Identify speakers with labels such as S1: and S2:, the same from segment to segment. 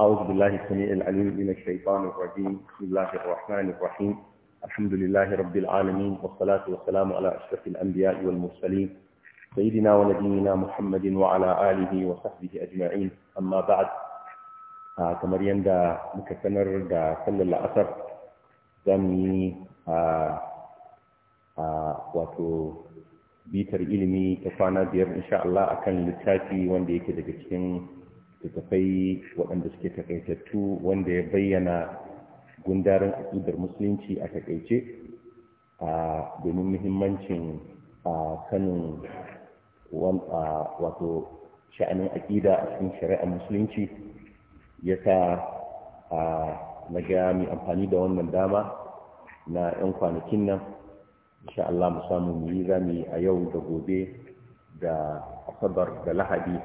S1: أعوذ بالله السميع العليم من الشيطان الرجيم بسم الله الرحمن الرحيم الحمد لله رب العالمين والصلاة والسلام على أشرف الأنبياء والمرسلين سيدنا ونبينا محمد وعلى آله وصحبه أجمعين أما بعد kamar yadda muka sanar da sallar la'asar zan yi wato bitar ilimi ta kwana biyar insha Allah akan littafi wanda yake daga cikin littafai waɗanda suke takaitattu wanda ya bayyana gundarin aƙidar musulunci a takaice domin muhimmancin sanin wato sha'anin aƙida a cikin shari'ar musulunci ya sa na ga mai amfani da wannan dama na 'yan kwanakin nan insha Allah mu samu mu yi zami a yau da gobe da asabar da lahadi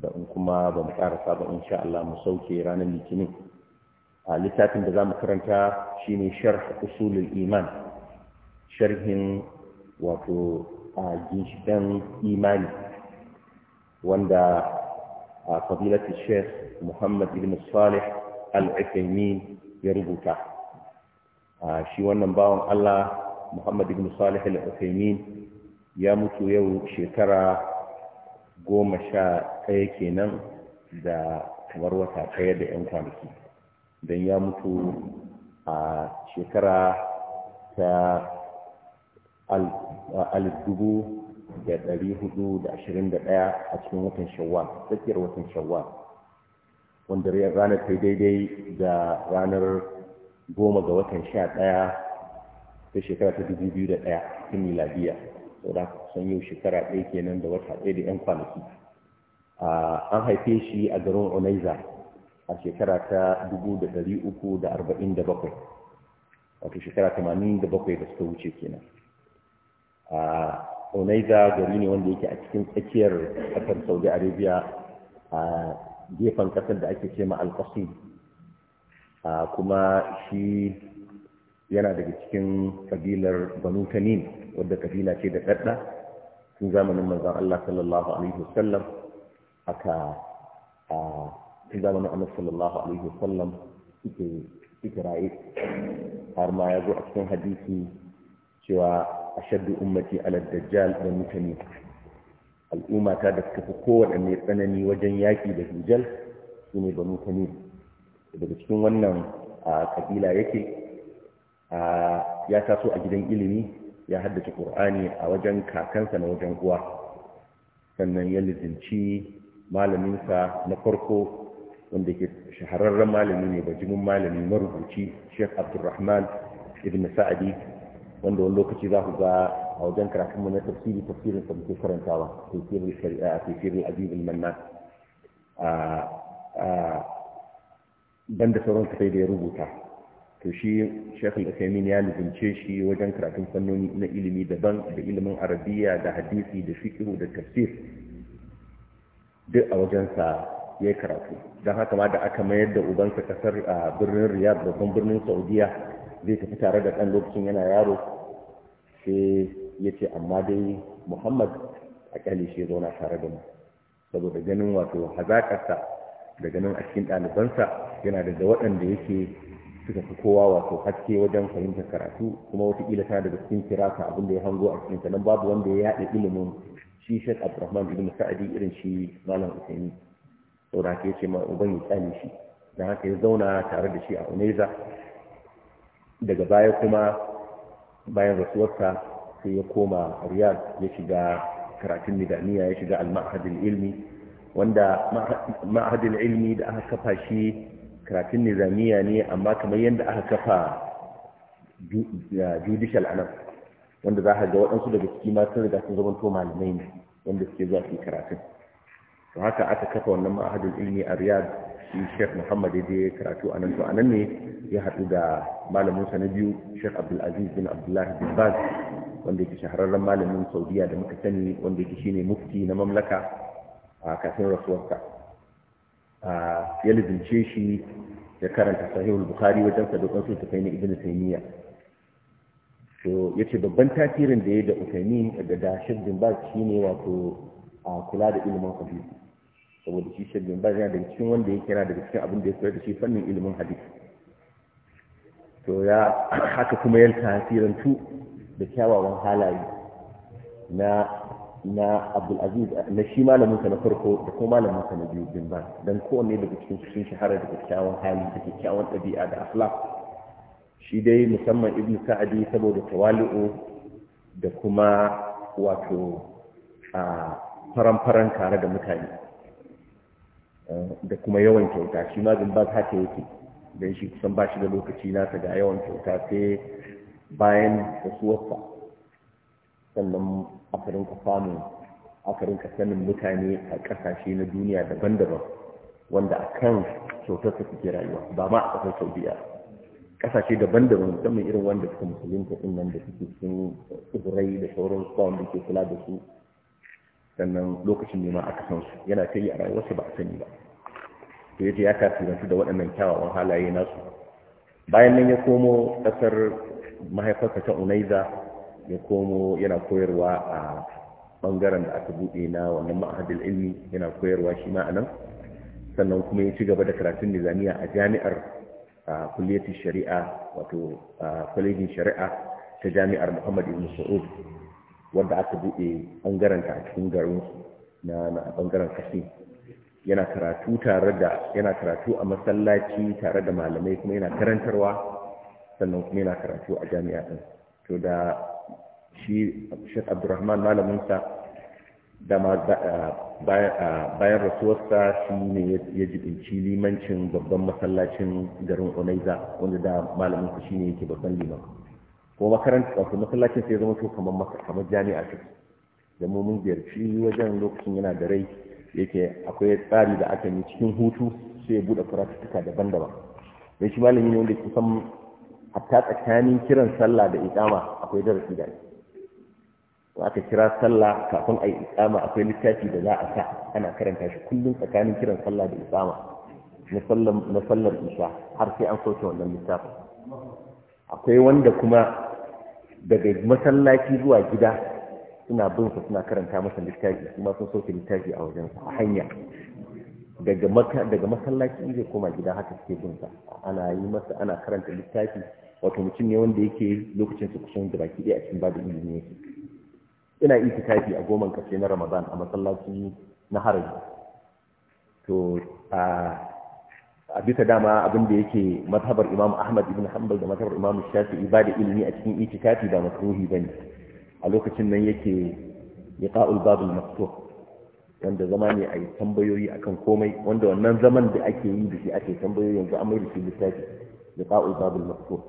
S1: da in kuma ba mu karasa ba insha Allah mu sauke ranar litinin a littafin da za mu karanta shine sharh usulul iman sharhin wato a imani wanda a fadilatu sheikh muhammad ibn salih al-uthaymin ya rubuta shi wannan bawan Allah muhammad ibn salih al-uthaymin ya mutu yau shekara goma sha ɗaya kenan da kamar wata ɗaya da 'yan kwanaki don ya mutu a shekara ta alif dubu da ɗari hudu da ashirin da ɗaya a cikin watan shawwal tsakiyar watan shawwal wanda ranar ta daidai da ranar goma ga watan sha ɗaya ta shekara ta dubu biyu da ɗaya cikin miladiya to da kusan yau shekara ɗaya kenan da wata ɗaya da 'yan kwanaki an haife shi a garin onaiza a shekara ta 347 wato shekara 87 da suka wuce kenan a onaiza gari ne wanda yake a cikin tsakiyar ƙasar saudi arabia a gefen ƙasar da ake ce ma alƙasim kuma shi yana daga cikin kabilar banu tanim wadda kabila ce da dadda tun zamanin manzon Allah sallallahu alaihi wasallam aka a tun zamanin Annabi sallallahu alaihi wasallam suke raye har ma ya zo a cikin hadisi cewa ashaddu ummati ala dajjal banu tanim al'umma ta da suka fi kowaɗanne tsanani wajen yaƙi da dujal su ne banu tanim daga cikin wannan a kabila yake ya taso a gidan ilimi ya haddace Kur'ani a wajen kakansa na wajen uwa sannan ya lizinci malaminsa na farko wanda ke shahararren malami ne bajimin malami marubuci sheikh abdulrahman ibn sa'adi wanda wani lokaci za ku ga a wajen karatunmu na tafsiri tafsirin sa muke karantawa tafsirin shari'a tafsirin banda sauran sai da ya rubuta to shi shekul ya lubince shi wajen karatun fannoni na ilimi daban da ilimin arabiya da hadisi da fikiru da tafsir duk a wajensa ya yi karatu don haka ma da aka mayar da ubansa kasar a birnin riyadh babban birnin saudiya zai tafi tare da ɗan lokacin yana yaro sai ya ce amma dai muhammad a kyale shi ya zauna tare da mu saboda ganin wato hazaƙarsa da ganin a cikin ɗalibansa yana da waɗanda yake suka fi kowa wato haske wajen fahimtar karatu kuma kila ta daga cikin kiraka abin da ya hango a cikin sannan babu wanda ya yaɗa ilimin shi shek abdurrahman ibn sa'adi irin shi malam usaini saboda haka ya ce ma uban ya tsani shi da haka ya zauna tare da shi a oneza. daga baya kuma bayan rasuwarsa sai ya koma riyad ya shiga karatun nidamiya ya shiga al-ma'hadul ilmi wanda ilmi da aka kafa shi karatun nizamiya ne amma kamar yadda aka kafa judicial anan wanda za ka ga waɗansu daga ciki ma sun riga sun zama to malamai ne wanda suke zuwa su karatun to haka aka kafa wannan ma'ahadin ilmi a riyad shi sheikh muhammad ya je karatu a nan to a nan ne ya haɗu da malamin sa na biyu sheikh abdulaziz bin abdullahi bin baz wanda yake shahararren malamin saudiya da muka sani wanda yake shine mufti na mamlaka a kafin rasuwarsa ya lizince shi ya karanta sahihul bukhari wajen sadukan su tafai na ibn taymiya to yace babban tasirin da ya da utaymi da da shirdin ba shine wato kula da ilimin hadisi saboda shi shirdin ba yana da cikin wanda ya kira daga cikin abin da ya koyar da shi fannin ilimin hadisi to ya haka kuma tasirin tu da kyawawan halaye na na abdulaziz na shi malaminsa na farko da kuma sa na biyu din ba don kowanne daga cikin sun shahara da kyakkyawan hali da kyakkyawan ɗabi'a da akhlaq shi dai musamman ibn sadi saboda tawali'u da kuma wato a faran-faran tare da mutane da kuma yawan kyauta shi ma bin haka yake don shi kusan ba shi da lokaci nasa ga yawan kyauta sai bayan suwarsa sannan aka rinka samun aka rinka sanin mutane a ƙasashe na duniya daban-daban wanda a kan kyautar su suke rayuwa ba ma a ƙasar saudiya ƙasashe daban-daban musamman irin wanda suka musulunta ɗin nan da suke cikin tsibirai da sauran tsawon da ke kula da su sannan lokacin nema aka san su yana ta yi a rayuwarsa ba a sani ba to yace ya kasu da waɗannan kyawawan halaye nasu bayan nan ya komo ƙasar mahaifarsa ta unaiza ya komo yana koyarwa a bangaren da aka buɗe na wannan ma'ahadin ilmi yana koyarwa shi ma anan sannan kuma ya ci gaba da karatun nizamiya a jami'ar kulliyatin shari'a wato kwalejin shari'a ta jami'ar muhammad ibn sa'ud wanda aka buɗe bangaren ta a cikin garin na bangaren kashi yana karatu tare da yana karatu a masallaci tare da malamai kuma yana karantarwa sannan kuma yana karatu a jami'a din to da shi shi abdurrahman malaminsa da ma bayan rasuwarsa shi ne ya jibinci limancin babban masallacin garin onaiza wanda da malaminsa shi ne yake babban liman ko makaranta wato masallacin sai zama kamar kamar jami'a ce da mu mun ziyarci wajen lokacin yana da rai yake akwai tsari da aka yi cikin hutu sai ya buɗe furatuka daban-daban don shi malami ne wanda kusan hatta tsakanin kiran sallah da iqama akwai darasi da ake aka kira sallah kafin a yi isama akwai littafi da za a sa ana karanta shi kullum tsakanin kiran sallah da isama na sallar isha har sai an soke wannan littafin akwai wanda kuma daga masallaci zuwa gida suna bin su suna karanta masa littafi kuma sun soke littafi a wajen a hanya daga masallaci zai koma gida haka suke bin sa ana yi masa ana karanta littafi wato mutum ne wanda yake lokacin su kusan da baki ɗaya a cikin babu ilimin yake ina itikafi a goman kashe na Ramadan a masallaci na haraji to a bisa dama abin da yake matabar Imam Ahmad ibn Hanbal da matabar Imam Shafi'i ba da ilimi a cikin itikafi ba makruhi ne. a lokacin nan yake liqa'ul babul maftuh wanda zama ne a yi tambayoyi akan komai wanda wannan zaman da ake yi da shi ake tambayoyi yanzu an mai da littafi liqa'ul babul maftuh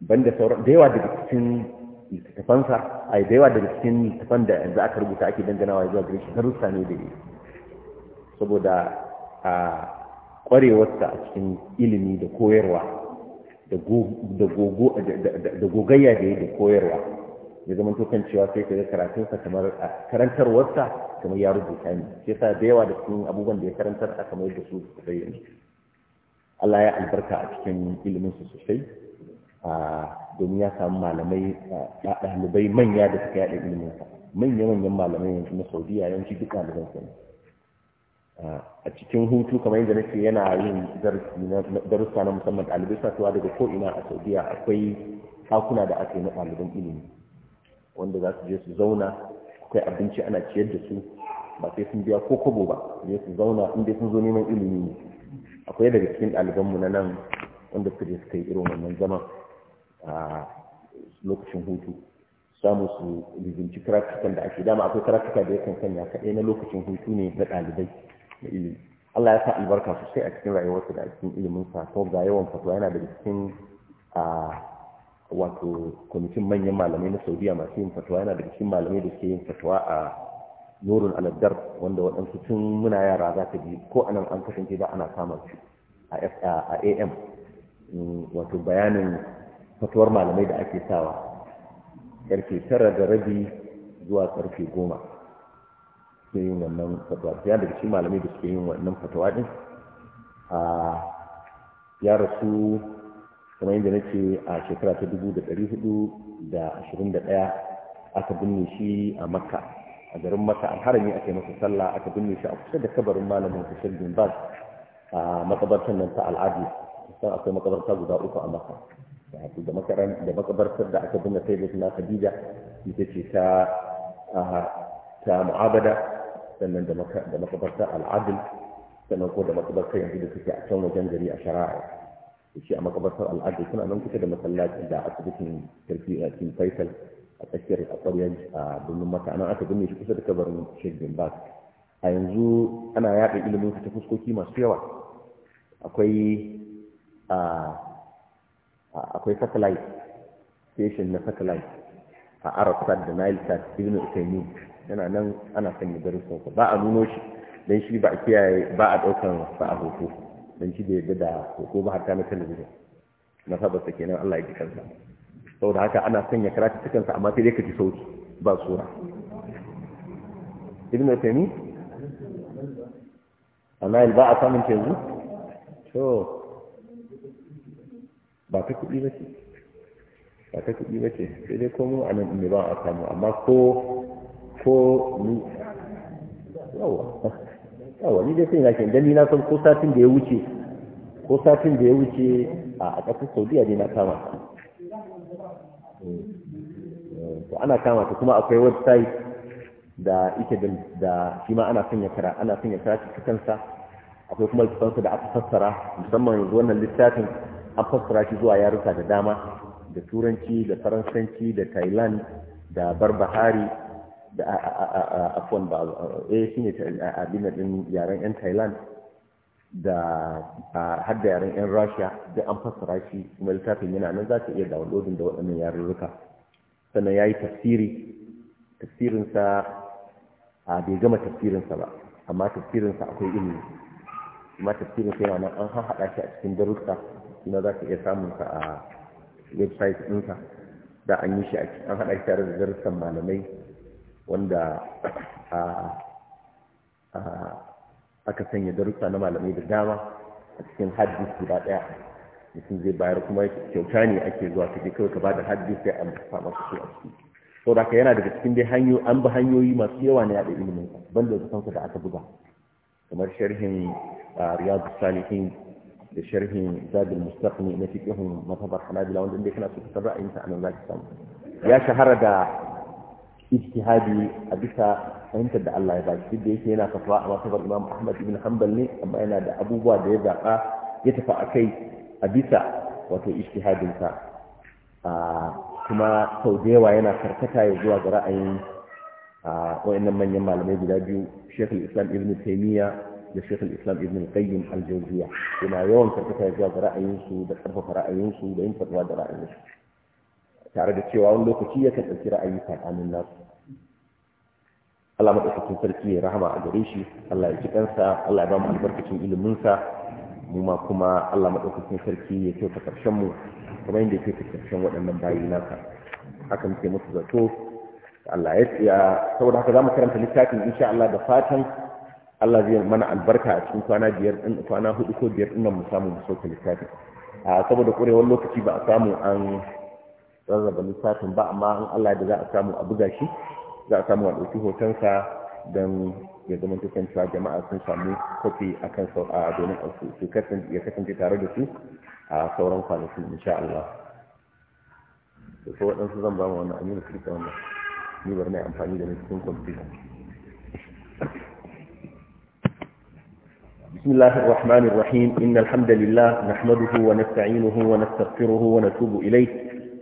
S1: banda sauran da yawa daga cikin littafansa a da yawa daga cikin littafan da yanzu aka rubuta ake danganawa zuwa gari shi darussa ne da yi saboda a ƙwarewarsa a cikin ilimi da koyarwa da gogayya da ya da koyarwa ya zama tukan cewa sai ka ga karatunsa kamar karantarwarsa kamar ya rubuta ne sai sa da yawa da cikin abubuwan da ya karantar a kamar da su bayyana Allah ya albarka a cikin iliminsu sosai domin ya samu malamai ɗalibai manya da suka yaɗa sa manya-manyan malamai yanzu na saudiya yanci duk ɗaliban sani a cikin hutu kamar yadda nake yana yin darussa na musamman ɗalibai satuwa daga ko'ina a saudiya akwai takuna da aka yi na ɗaliban ilimi wanda za su je su zauna akwai abinci ana ciyar da su ba sai sun biya ko kobo ba je su zauna in dai sun zo neman ilimi ne akwai daga cikin ɗalibanmu na nan wanda suka je suka yi irin wannan zaman a lokacin hutu samu su lizinci karatukan da ake dama akwai karatuka da yakan sanya kaɗai na lokacin hutu ne na ɗalibai na ilimi Allah ya sa albarka sosai a cikin rayuwarsa da a cikin ilimin sa ko ga yawan fatwa yana da cikin a wato kwamitin manyan malamai na Saudiya masu yin fatwa yana da cikin malamai da suke yin fatwa a nurun aladdar wanda waɗansu tun muna yara za ta bi ko anan an kasance ba ana samun su a am mm, wato bayanin fatuwar malamai da ake sawa karfe tara da rabi zuwa karfe goma suke yin wannan fatuwa ya daga cikin malamai da suke yin wannan fatuwa din a ya rasu kamar yadda na ce a shekara ta dubu da ɗari hudu da ashirin da ɗaya aka binne shi a makka a garin makka an harami aka yi masa sallah aka binne shi a kusa da kabarin malamin kusur bin a makabartar nan ta al'adu san akwai makabarta guda uku a makka wato da makaran da makabartar da aka binne sai na Khadija ita ce ta ta mu'abada sannan da makabartar al'adil sannan ko da makabartar yanzu da suke a can wajen gari a shara'a shi a makabartar al'adil suna nan kusa da masallaci da asibitin kirki a cikin faisal a tsakiyar a ƙwaryar a birnin mata nan aka binne shi kusa da kabarin sheikh bin bas a yanzu ana yaɗa ilimin ta fuskoki masu yawa akwai a akwai satellite station na satellite a arabsat da nilesat ibn utaimin yana nan ana sanya darussansa ba a nuno shi don shi ba a kiyaye ba a daukan ba a hoto don shi da yadda da hoto ba harka na talabijin na sa kenan allah ya ji kansa saboda haka ana sanya karatu cikinsa amma sai dai ka ji sauki, ba sura ibn utaimin a nile ba a samun yanzu to ba ta kuɗi ba ce ba ta kuɗi ba ce sai dai komo a nan ne ba a samu amma ko ko ni yawa yawa ni dai sai na kin ni na san ko satin da ya wuce ko satin da ya wuce a ƙasar saudiya ne na kama ta to ana kama ta kuma akwai website da ita da shi ma ana sanya kara ana sanya kara cikin kansa akwai kuma littafin da aka fassara musamman wannan littafin an fassara shi zuwa yaruka da dama da turanci da faransanci da thailand da barbahari da afon ba eh din yaren yan thailand da har da yaren yan Rasha, da an fassara shi kuma littafin yana nan za ka iya downloadin da waɗannan yarurruka sannan ya yi tafsiri tafsirinsa a bai gama tafsirinsa ba amma tafsirinsa akwai ilimi amma tafsirinsa yana nan an haɗa shi a cikin darussa kuma za ka iya samun ka a website ɗinka da an yi shi an haɗa shi tare da darussan malamai wanda aka sanya darussa na malamai da dama a cikin hadis guda ɗaya mutum zai bayar kuma kyauta ne ake zuwa ka je kawai ka bada hadis sai an saba su a ciki to da yana daga cikin dai hanyo an bi hanyoyi masu yawa na yaɗa ilimin ban da da aka buga kamar sharhin riyadu salihin da sharhin zadul mustaqni na fiqhun matabar hanabila wanda inda kana so ka ra'ayin ta anan zaki samu ya shahara da ijtihadi a bisa fahimtar da Allah ya ba shi da yake yana fatwa a matabar Imam Ahmad ibn Hanbal ne amma yana da abubuwa da ya zaba ya tafi akai a bisa wato ijtihadin sa kuma sau da yawa yana karkata ya zuwa ga ra'ayin wa'annan manyan malamai guda biyu Sheikh Islam Ibn Taymiyyah da shekul islam ibn qayyim al-jawziya yana yawan karkata zuwa ga ra'ayinsu da karfafa ra'ayinsu da yin fatwa da ra'ayinsu tare da cewa wani lokaci yakan ɗauki ra'ayi tsakanin nasu Allah maɗaukakin sarki ya rahama a gare shi Allah ya ji kansa Allah ya ba albarkacin iliminsa mu ma kuma Allah maɗaukakin sarki ya kyauta ƙarshen mu kamar yadda yake ƙarshen waɗannan bayi nasa haka muke musu zato Allah ya tsaya saboda haka za mu karanta littafin insha Allah da fatan Allah zai mana albarka a cikin kwana biyar din kwana hudu ko biyar din mu samu mu soke littafi a saboda kurewar lokaci ba a samu an rarraba littafin ba amma an Allah da za a samu a buga shi za a samu a ɗauki hotonsa don ya zama ta cewa jama'a sun samu kofi a kan sau a domin su ya kasance tare da su a sauran kwanaki insha Allah da sau waɗansu zan ba mu wani amina su rika wannan ni bar mai amfani da mai cikin kwamfuta بسم الله الرحمن الرحيم إن الحمد لله نحمده ونستعينه ونستغفره ونتوب إليه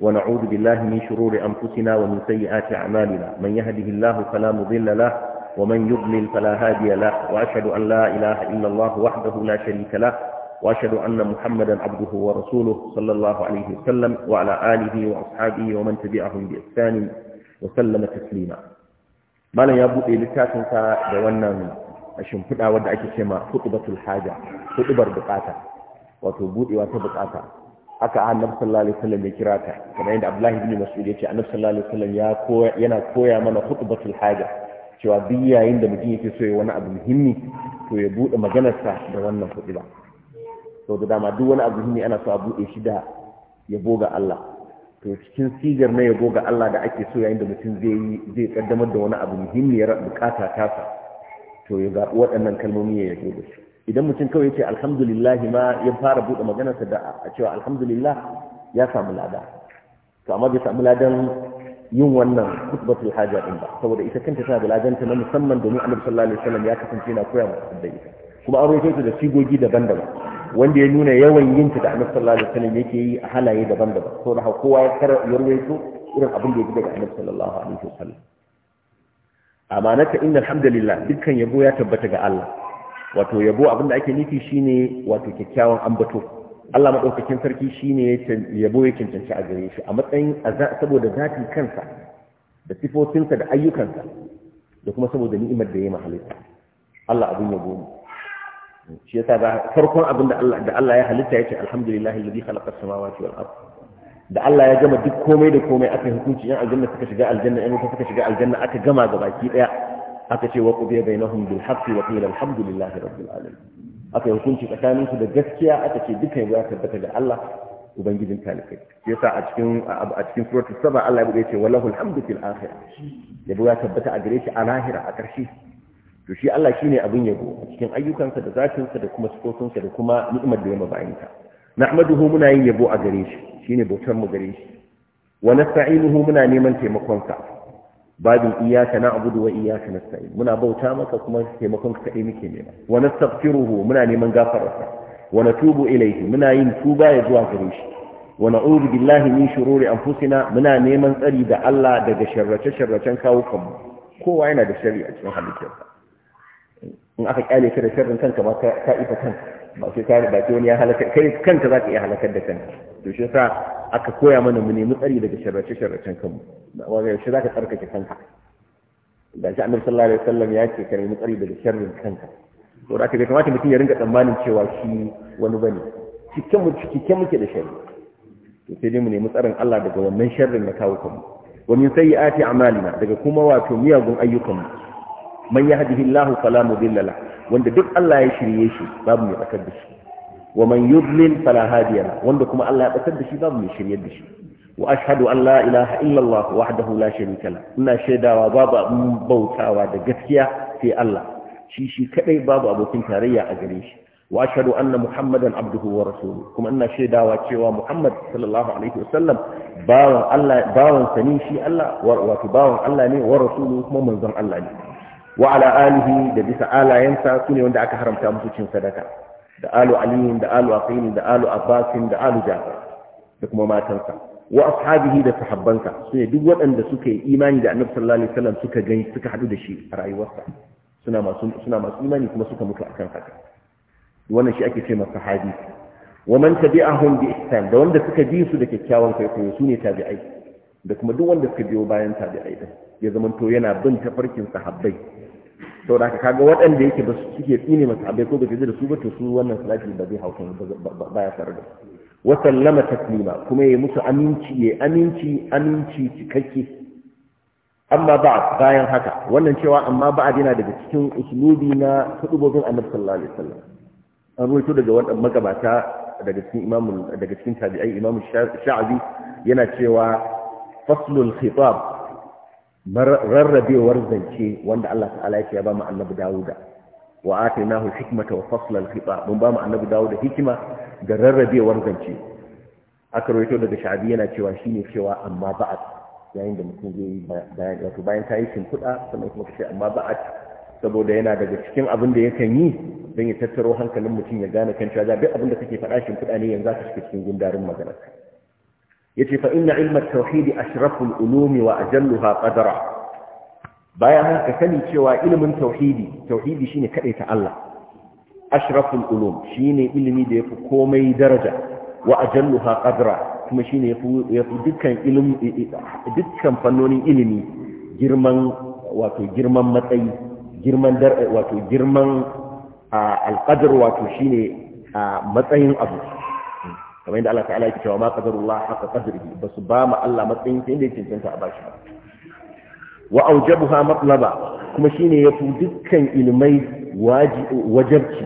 S1: ونعوذ بالله من شرور أنفسنا ومن سيئات أعمالنا من يهده الله فلا مضل له ومن يضلل فلا هادي له وأشهد أن لا إله إلا الله وحده لا شريك له وأشهد أن محمدا عبده ورسوله صلى الله عليه وسلم وعلى آله وأصحابه ومن تبعهم بإحسان وسلم تسليما ما لن يبدو لكاتنك دوانا a shimfiɗa wadda ake ce ma haja hudubar bukata wato buɗewa ta bukata aka annabi sallallahu alaihi wasallam ya kira ta kamar yadda abdullahi ibn mas'ud ya ce annabi sallallahu alaihi wasallam ya koya yana koya mana hudubatul haja cewa duk yayin da mutum yake so ya wani abu muhimmi to ya buɗe maganarsa da wannan hudiba sau da dama duk wani abu muhimmi ana so a buɗe shi da ya goga Allah to cikin sigar na ya goga Allah da ake so yayin da mutum zai yi zai kaddamar da wani abu muhimmi ya bukata tasa to ya zaɓi waɗannan kalmomi ya yake da su idan mutum kawai ce alhamdulillah ma ya fara buɗe maganarsa da a cewa alhamdulillah ya samu lada to amma bai samu ladan yin wannan khutbatul haja din ba saboda ita kanta tana da ladanta na musamman domin annabi sallallahu alaihi wasallam ya kasance yana koya wa sahabbai kuma an rawaito da sigogi daban-daban wanda ya nuna yawan yin ta da annabi sallallahu alaihi wasallam yake yi a halaye daban-daban saboda kowa ya kar ya rawaito irin abin da ya daga annabi sallallahu alaihi wasallam amanaka inna alhamdulillah dukkan yabo ya tabbata ga Allah wato yabo abinda ake nufi shine wato kyakkyawan ambato Allah madaukakin sarki shine yabo ya cancanci a gare shi a matsayin saboda zatin kansa da sifofinsa da ayyukansa da kuma saboda ni'imar da ya yi mahalitta Allah abin yabo ne shi yasa da farkon abin da Allah ya halitta yace alhamdulillahi alladhi khalaqa as-samawati wal ardh da Allah ya gama duk komai da komai aka hukunci yan aljanna suka shiga aljanna yan wuta suka shiga aljanna aka gama ga baki daya aka ce wa qudiya bainahum bil haqqi wa qila alhamdulillahi rabbil alamin aka hukunci tsakanin su da gaskiya aka ce dukan ya tabbata ga Allah ubangijin talibai yasa a cikin a cikin suratul saba Allah ya bude ce wallahu alhamdu fil akhirah yabo ya tabbata a gare shi a lahira a karshe to shi Allah shine abin yabo a cikin ayyukansa da zatinsa da kuma sifofinsa da kuma ni'imar da ya mabayinka na'maduhu muna yin yabo a gare shi Shi ne bautar mu gare shi wa nasta'inuhu muna neman taimakon sa babin na na'budu wa na nasta'in muna bauta maka kuma taimakon ka kadai muke nema wa nastaghfiruhu muna neman gafararsa wa natubu ilayhi muna yin tuba ya zuwa gare shi Wani na'udhu billahi min shururi anfusina muna neman tsari da Allah daga sharrace sharracen kawo kanmu kowa yana da shari'a cikin halittarsa in aka kyale ka da sharrin kanka ma ka ifa kanka ba sai ka ba wani ya halaka kai kanka zaka iya halakar da kanka to shi yasa aka koya mana mu nemi tsari daga sharrace sharracen kanmu wanda yaushe zaka tsarkake kanka da shi annabi sallallahu alaihi wasallam ya ce ka nemi tsari daga sharrin kanka to da bai kamata mutum ya ringa tsammanin cewa shi wani bane cikin mu cikin muke da sharri to sai dai mu nemi tsarin Allah daga wannan sharrin na kawo kanmu wa min sayyiati a'malina daga kuma wato miyagun ayyukanmu man yahdihi Allahu fala mudilla lahu wanda duk Allah ya shirye shi babu mai tsakar da shi wa man yudlil fala hadiya wanda kuma Allah ya tsakar da shi babu mai shirye da shi wa ashhadu an la ilaha illa Allah wahdahu la sharika la ina shaidawa babu bautawa da gaskiya sai Allah shi shi kadai babu abokin tarayya a gare shi wa ashhadu anna muhammadan abduhu wa rasuluhu kuma ina shaidawa cewa muhammad sallallahu alaihi wasallam bawan Allah bawan sani shi Allah wato bawan Allah ne wa rasuluhu kuma manzon Allah ne wa ala alihi da bisa alayensa su ne wanda aka haramta musu cin sadaka da alu aliyin da alu aqilin da alu abbasin da alu jafar da kuma matansa wa ashabihi da sahabbansa su ne duk waɗanda suka yi imani da annabi sallallahu alaihi wasallam suka gani suka hadu da shi a rayuwarsa suna masu suna masu imani kuma suka mutu akan haka wannan shi ake cewa sahabi wa man tabi'ahum bi ihsan da wanda suka bi su da kyakkyawan kwaikwayo su ne tabi'ai da kuma duk wanda suka biyo bayan tabi'ai din ya zama yana bin tafarkin sahabbai sau da kaga waɗanda yake ba su suke tsine masu abai ko gaje da su ba to su wannan salati ba zai hauka ba ya faru da wa sallama taslima kuma ya musu aminci aminci aminci cikakke amma ba bayan haka wannan cewa amma ba yana daga cikin uslubi na hudubobin annabi sallallahu alaihi wasallam an ruwaito daga wannan magabata daga cikin imamu daga cikin tabi'ai imamu sha'abi yana cewa faslul khitab rarrabewar zance wanda Allah ta'ala ya ce ya ba mu annabi Dawuda wa atainahu hikmata wa fasla al-khitab mun ba mu annabi Dawuda hikima da rarrabewar zance aka rawaito daga Sha'abi yana cewa shine cewa amma ba'at yayin da mutum zai yi bayan wato bayan ta yi shimfiɗa sannan kuma kace amma ba'at saboda yana daga cikin abin da yakan yi don ya tattaro hankalin mutum ya gane kan cewa duk abin da kake faɗa shimfiɗa ne yanzu ka shiga cikin gundarin maganar yace fa inna ilma tauhidi ashraful ulumi wa ajalluha qadara bayan haka sani cewa ilimin tauhidi tauhidi shine ta Allah ashraful ulum shine ilimi da yafi komai daraja wa ajalluha qadara kuma shine yafi yafi dukkan ilimi dukkan fannonin ilimi girman wato girman matsayi girman wato girman alqadar wato shine matsayin abu kamar yadda Allah ta'ala yake cewa ma qadarullah haqa qadrihi basu ba ma Allah matsayin sai inda ya cancanta a bashi wa aujabuha matlaba kuma shine yafi dukkan ilmai wajibci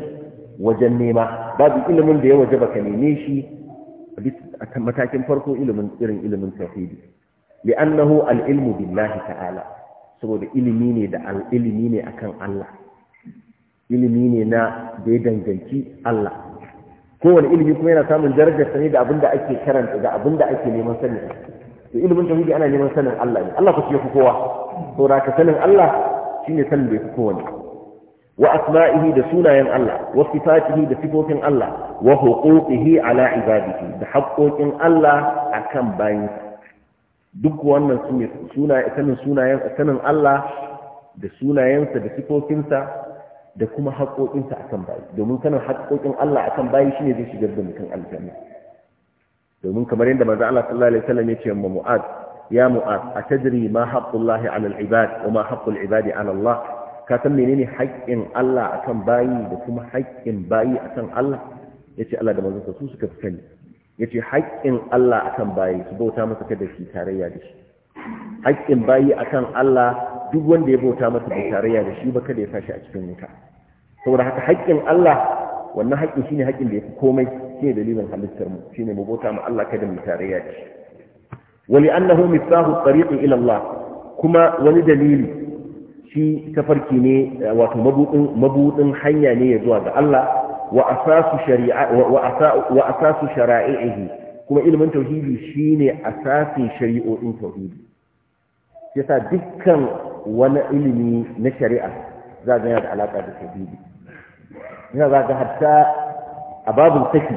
S1: wajen nema babu ilimin da ya wajaba ka neme shi a matakin farko ilimin irin ilimin tauhidi li'annahu al-ilmu billahi ta'ala saboda ilimi ne da al-ilimi ne akan Allah ilimi ne na da ya danganci Allah kowane ilimi kuma yana samun darajar sani da abin da ake karanta da abin da ake neman sani da ilimin tauhidi ana neman sanin Allah ne Allah ku ce ku kowa to da ka sanin Allah shine sanin da ku kowane wa asma'ihi da sunayen Allah wa sifatihi da sifofin Allah wa huquqihi ala ibadihi da haƙoƙin Allah akan bayinsa duk wannan sune sunayen sanin sunayen sanin Allah da sunayensa da sifofinsa da kuma haƙoƙinsa kan bayi domin sanin haƙoƙin Allah a kan bayi shi ne zai shigar da mutum aljanna domin kamar yadda manzo Allah sallallahu alaihi wasallam ya ce ma Mu'ad ya Mu'ad a atadri ma haqqullahi 'ala al-ibad wa ma haqqul ibadi 'ala Allah ka san menene haƙƙin Allah akan bayi da kuma haƙƙin bayi akan Allah yace Allah da manzo su suka fi sani yace haƙƙin Allah akan bayi su bauta masa kada shi tarayya da shi haƙƙin bayi akan Allah duk wanda ya bauta masa bai tarayya da shi ba kada ya sashi a cikin wuta saboda haka haƙƙin Allah wannan haƙƙin shine haƙƙin da yafi komai shine dalilin halittar mu shine mu bauta ma Allah kada mu tarayya shi wali annahu misahu tariqi ila Allah kuma wani dalili shi tafarki ne wato mabudin mabudin hanya ne ya zuwa ga Allah wa asasu shari'a wa asasu kuma ilimin tauhidi shine asasin shari'o'in tauhidi yasa dukkan wani ilimi na shari'a za ga yana da alaka da tauhidi ina za ka hatta a babin saki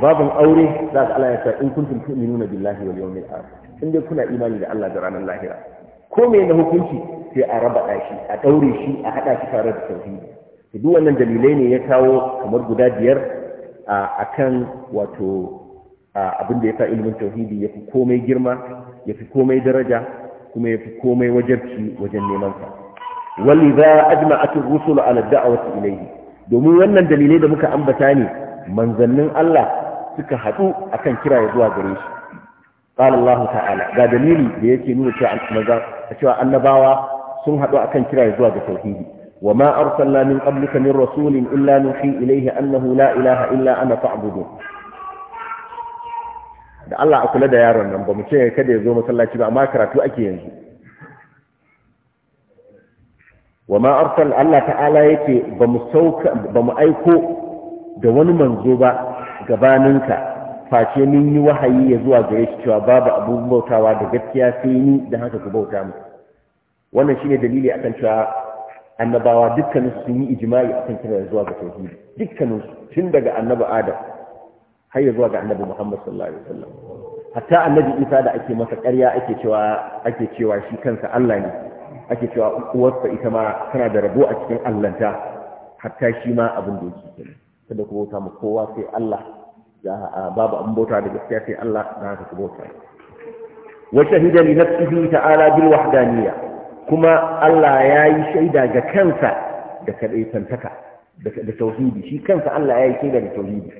S1: babin aure za ka Allah ya sa in kuntum tu'minuna billahi wal yawmil akhir in dai kuna imani da Allah da ranar lahira ko me na hukunci sai a raba shi a daure shi a hada shi tare da tauhidi to duk wannan dalilai ne ya kawo kamar guda biyar akan wato abin da ya sa ilimin tauhidi ya fi komai girma ya fi komai daraja kuma ya fi komai wajabci wajen neman sa ولذا أجمعت الرسل على الدعوة إليه domin wannan dalilai da muka ambata ne manzannin Allah suka haɗu kan kira zuwa gare shi قال الله ga dalili da yake nuna cewa annabawa sun haɗu akan kira ya zuwa ga tauhidi وما أرسلنا من قبلك من رسول illa نوحي إليه annahu لا إله إلا أنا da Allah a kula da yaron nan ba mu ce kada ya zo masallaci ba amma karatu ake yanzu wa ma arsal Allah ta'ala yake ba mu sauka ba mu aiko da wani manzo ba gabaninka face mun yi wahayi ya zuwa gare shi cewa babu abun bautawa da gaskiya sai ni da haka ku bauta mu wannan shine dalili akan cewa annabawa dukkanin su sun yi ijma'i akan cewa zuwa ga tauhidi dukkanin su tun daga annabi Adam har ya zuwa ga annabi Muhammad sallallahu alaihi wasallam hatta annabi Isa da ake masa ƙarya ake cewa ake cewa shi kansa Allah ne ake cewa uwarsa ita ma tana da rabo a cikin allanta hatta shi ma abin da yake kenan kada ku bauta mu kowa sai Allah babu abin bauta da gaskiya sai Allah da haka ku bauta wa shahida li nafsihi ta'ala bil wahdaniyya kuma Allah ya yi shaida ga kansa da kadaitantaka da tauhidi shi kansa Allah ya yi shaida da tauhidi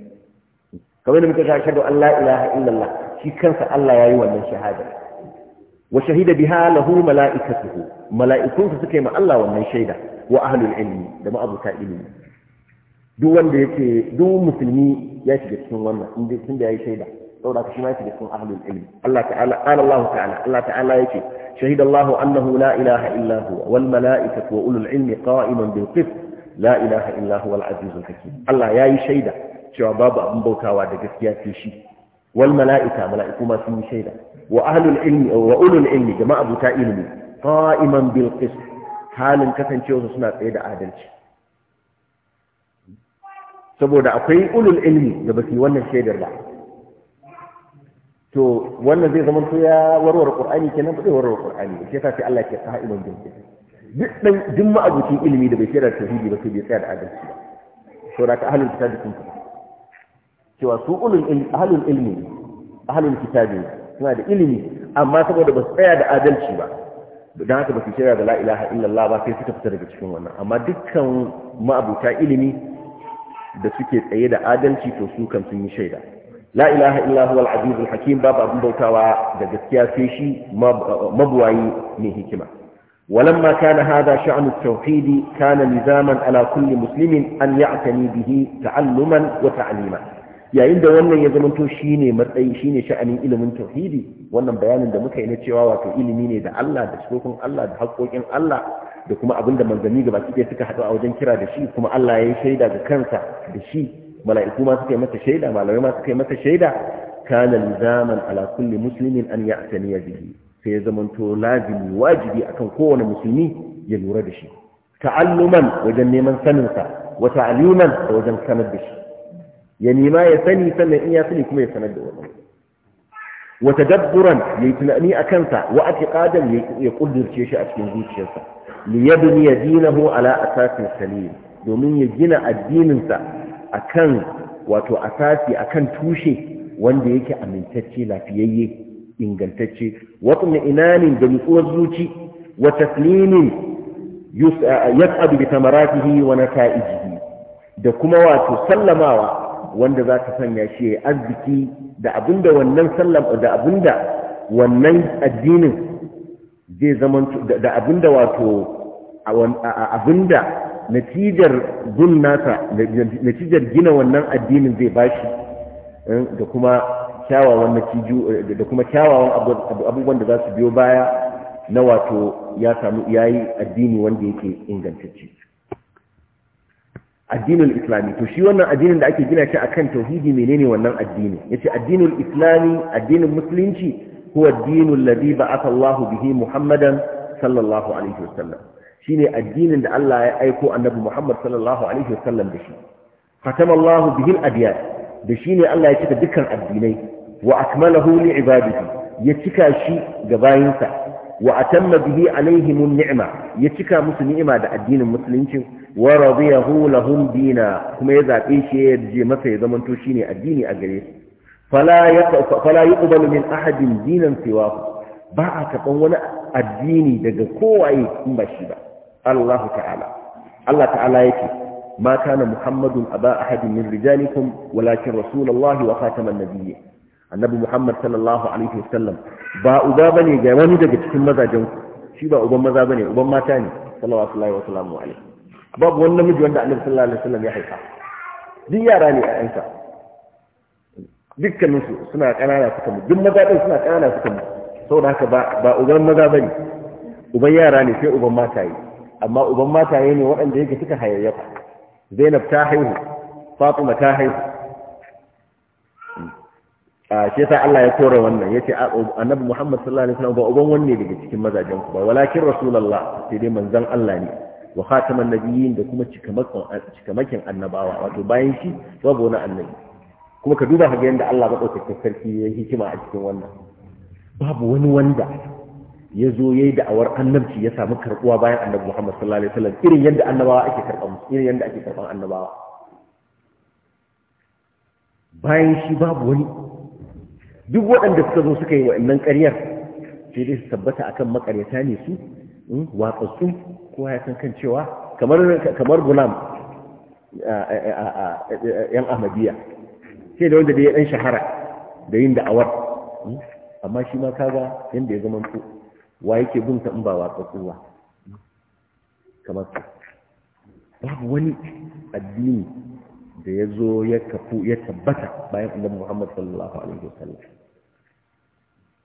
S1: kamar da muka ga shaidu Allah ilaha illallah shi kansa Allah ya yi wannan shahada wa shahida biha lahu mala'ikatuhu mala'ikunsa suka yi ma Allah wannan shaida wa ahlul ilmi da ma'abuta ilimi duk wanda yake duk musulmi ya shiga cikin wannan inda tun da yayi shaida saboda shi ma ya shiga cikin ahlul ilmi Allah ta'ala qala Allah ta'ala Allah ta'ala yake shahida Allah annahu la ilaha illa huwa wal mala'ikatu wa ulul ilmi qa'iman bil qist la ilaha illa huwa al-azizul hakim Allah yayi shaida cewa babu abin bautawa da gaskiya ce shi wal mala'ika mala'iku ma sun yi shaida wa ahlul ilmi wa ulul ilmi jama'a buta ilmi qa'iman bil qist halin kasancewa suna tsaye da adalci saboda akwai ulul ilmi da ba su yi wannan shaidar ba to wannan zai zama to ya warware qur'ani kenan ba zai warware qur'ani sai ta ce Allah ke qa'iman bil qist duk dan duk ma'abucin ilimi da bai shaidar tauhidi ba sai bai tsaya da adalci ba saboda ka ahlul kitabi kun fara cewa su ulul ahlul ilmi ahlul kitabi suna da ilimi amma saboda ba su tsaya da adalci ba don haka ba su shirya da la ilaha illallah ba sai suka fita daga cikin wannan amma dukkan ma'abuta ilimi da suke tsaye da adalci to su kan sun yi shaida la ilaha illahu al azizul hakim babu abin bautawa da gaskiya sai shi mabuwayi mai hikima ولما كان هذا شأن التوحيد كان لزاما على كل مسلم أن يعتني به تعلما وتعليما yayin da wannan ya zamanto shine matsayi shine sha'anin ilimin tauhidi wannan bayanin da muka yi na cewa wato ilimi ne da Allah da sifofin Allah da haƙoƙin Allah da kuma abinda manzanni gaba ɗaya suka haɗu a wajen kira da shi kuma Allah ya yi shaida ga kansa da shi mala'iku ma suka yi masa shaida malamai ma suka yi masa shaida kana lizaman ala kulli muslimin an ya'taniya bihi sai ya zamanto lazimi wajibi akan kowane musulmi ya lura da shi ta'alluman wajen neman saninsa wa ta'aliman wajen sanar da shi ya nema ya sani sannan in ya sani kuma ya sanar da wani wa tadabburan yayi tunani a kansa wa atiqadan ya kudurce shi a cikin zuciyarsa li yabni dinahu ala asasin salim domin ya gina addininsa akan wato asasi akan tushe wanda yake amintacce lafiyayye ingantacce wato na inanin da nutsuwar zuci wa taslimin ta bi tamaratihi wa nata'ijihi da kuma wato sallamawa wanda za ka sanya shi ya arziki da abinda wannan sallam da abinda wannan addinin zai zama da abinda wato abinda natijar gun nasa natijar gina wannan addinin zai bashi eh, da kuma kyawawan natiju eh, da kuma kyawawan abubuwan da za su biyo baya na wato ya samu yayi addini wanda yake ingantacce addinin islami to shi wannan addinin da ake gina shi akan tauhidi menene wannan addini yace addinin islami addinin musulunci huwa addinul ladhi ba'atha Allahu bihi Muhammadan sallallahu alaihi wasallam shine addinin da Allah ya aiko annabi Muhammad sallallahu alaihi wasallam da shi fatama Allahu bihi al-adiyat da shine Allah ya cika dukkan addinai wa akmalahu li ibadihi ya cika shi ga bayinsa wa atamma bihi alaihim ni'ma ya cika musu ni'ima da addinin musulunci wa radiyahu lahum dina kuma ya zabe shi ya je masa ya zamanto shine addini a gare su fala yaqa fala yuqbalu min ahadin dinan siwahu ba a karban wani addini daga kowaye in ba shi ba Allah ta'ala Allah ta'ala yake ma kana muhammadun aba ahadin min rijalikum walakin rasulullahi wa khataman nabiyyi annabi muhammad sallallahu alaihi wasallam ba uba bane ga wani daga cikin mazajen shi ba uban maza bane uban mata ne sallallahu alaihi wasallam alaihi babu wani namiji wanda annabi sallallahu alaihi wasallam ya haifa duk yara ne ƴaƴansa dukkanin su suna ƙanana suka mu duk maza ɗin suna ƙanana suka mu saboda haka ba ba uban maza bane uban yara ne sai uban mataye amma uban mataye ne waɗanda yake suka hayayyafa Zainab ta haihu Fatima ta haihu a shi yasa Allah ya kore wannan yace annabi Muhammad sallallahu alaihi wasallam ba uban wanne daga cikin mazajen ku ba walakin rasulullah sai dai manzon Allah ne wa khataman nabiyyin da kuma cikamakin annabawa wato bayan shi babu wani annabi kuma ka duba ga yanda Allah maɗaukakin sarki ya hikima a cikin wannan babu wani wanda ya zo ya yi da'awar annabci ya samu karbuwa bayan annabi Muhammad sallallahu alaihi wasallam irin yadda annabawa ake karɓan irin yanda ake karban annabawa bayan shi babu wani duk waɗanda suka zo suka yi wa'annan ƙaryar sai dai su tabbata akan makaryata ne su hmm, su. kowa ya san kan cewa kamar gulam yan ahmadiyya sai da wanda da ya dan shahara da yin da'awar hmm? amma shi ma kaga yadda ya zama ku wa yake bin ta in ba wa tsatsuwa kamar babu wani addini da ya zo ya kafu ya tabbata bayan annabi Muhammad sallallahu alaihi wasallam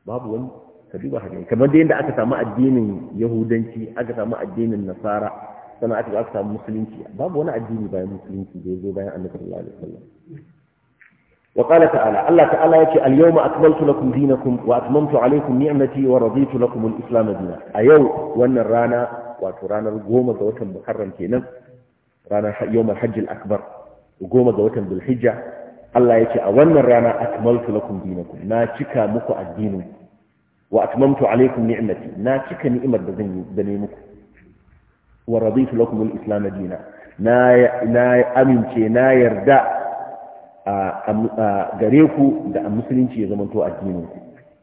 S1: babu wani ka duba haka kamar da yadda aka samu addinin yahudanci aka samu addinin nasara sannan aka aka samu musulunci babu wani addini bayan musulunci da ya zo bayan annabi sallallahu alaihi wasallam wa qala ta'ala Allah ta'ala yace al yawma akmaltu lakum dinakum wa atmamtu alaykum ni'mati wa raditu lakum al islam dinan a yau wannan rana wato ranar goma ga watan muharram kenan ranar yawmal hajj al akbar goma ga watan dhulhijja Allah yace a wannan rana akmaltu lakum dinakum na cika muku addinin wa atmamtu alaikum ni'mati na cika ni'imar da zan yi da ne muku wa raditu lakum al-islam dina na na amince na yarda a gare ku da musulunci ya zamanto addinin ku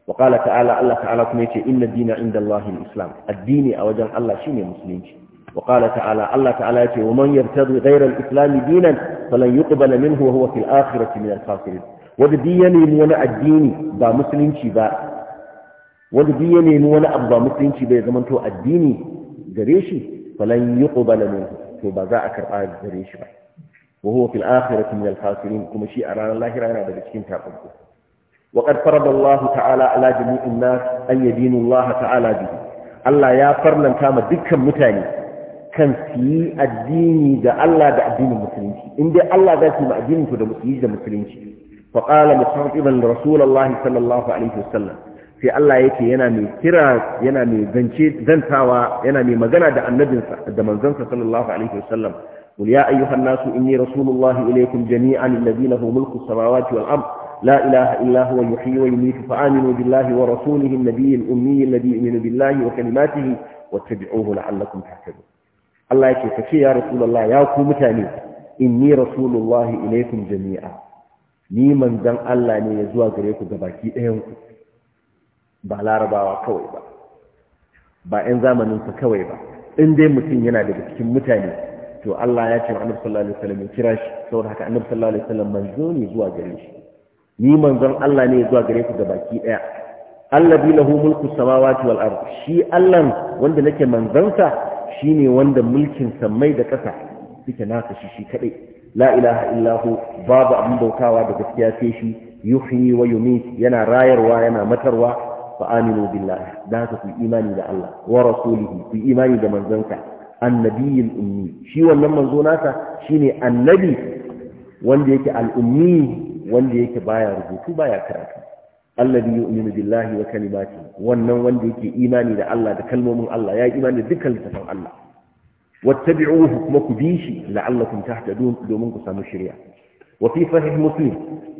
S1: wa qala ta'ala Allah ta'ala kuma yace inna dina inda Allah al-islam addini a wajen Allah shine musulunci wa qala ta'ala Allah ta'ala yace wa man yartadi ghayra al-islam dinan falan yuqbala minhu wa huwa fil akhirati min al-khasirin wanda diyani wani addini ba musulunci ba wanda duk ya nemi wani abu ba musulunci bai zama to addini gare shi falan yi yuqbala minhu to ba za a karba gare shi ba wa huwa fil akhirati min al khasirin kuma shi a ranar lahira yana daga cikin tababbu wa qad farada Allah ta'ala ala jami'in nas an yadinu Allah ta'ala bihi Allah ya farlanta ma dukkan mutane kan su yi addini da Allah da addinin musulunci in dai Allah za su yi addinin to da musulunci da musulunci fa qala musaqiban rasulullahi sallallahu alaihi wasallam sai Allah yake yana mai kira yana mai zance zantawa yana mai magana da annabinsa da manzansa sallallahu alaihi wasallam qul ya ayyuhan nasu inni rasulullahi ilaykum jami'an alladhi lahu mulku samawati wal wa yumiitu fa aminu billahi wa rasulihi an-nabiyyi al-ummi alladhi yu'minu billahi wa kalimatihi wattabi'uhu la'allakum tahtadun Allah yake kace ya rasulullah ya ku mutane inni rasulullahi ilaikum jami'a ni manzon Allah ne ya zuwa gare ku gabaki ɗayan ku ba larabawa kawai ba ba 'yan zamaninsa kawai ba in dai mutum yana daga cikin mutane to Allah ya ce wa annabi sallallahu alaihi wasallam ya kira shi saboda haka annabi sallallahu alaihi wasallam manzo ne zuwa gare shi ni manzon Allah ne zuwa gare ku gabaki daya allazi lahu mulku samawati wal ard shi Allah wanda nake manzansa shine wanda mulkin samai da ƙasa suke naka shi shi kadai la ilaha illa hu babu abin bautawa da gaskiya sai shi yuhyi wa yumit yana rayarwa yana matarwa fa aminu billahi da haka ku imani da Allah wa rasulihi imani da manzonsa annabiyil ummi shi wannan manzo shi ne annabi wanda yake al wanda yake baya rubutu baya karatu alladhi yu'minu billahi wa kalimatihi wannan wanda yake imani da Allah da kalmomin Allah ya imani da dukkan littafin Allah wattabi'uhu kuma ku bi shi la'allakum tahtadun domin ku samu shari'a وفي صحيح مسلم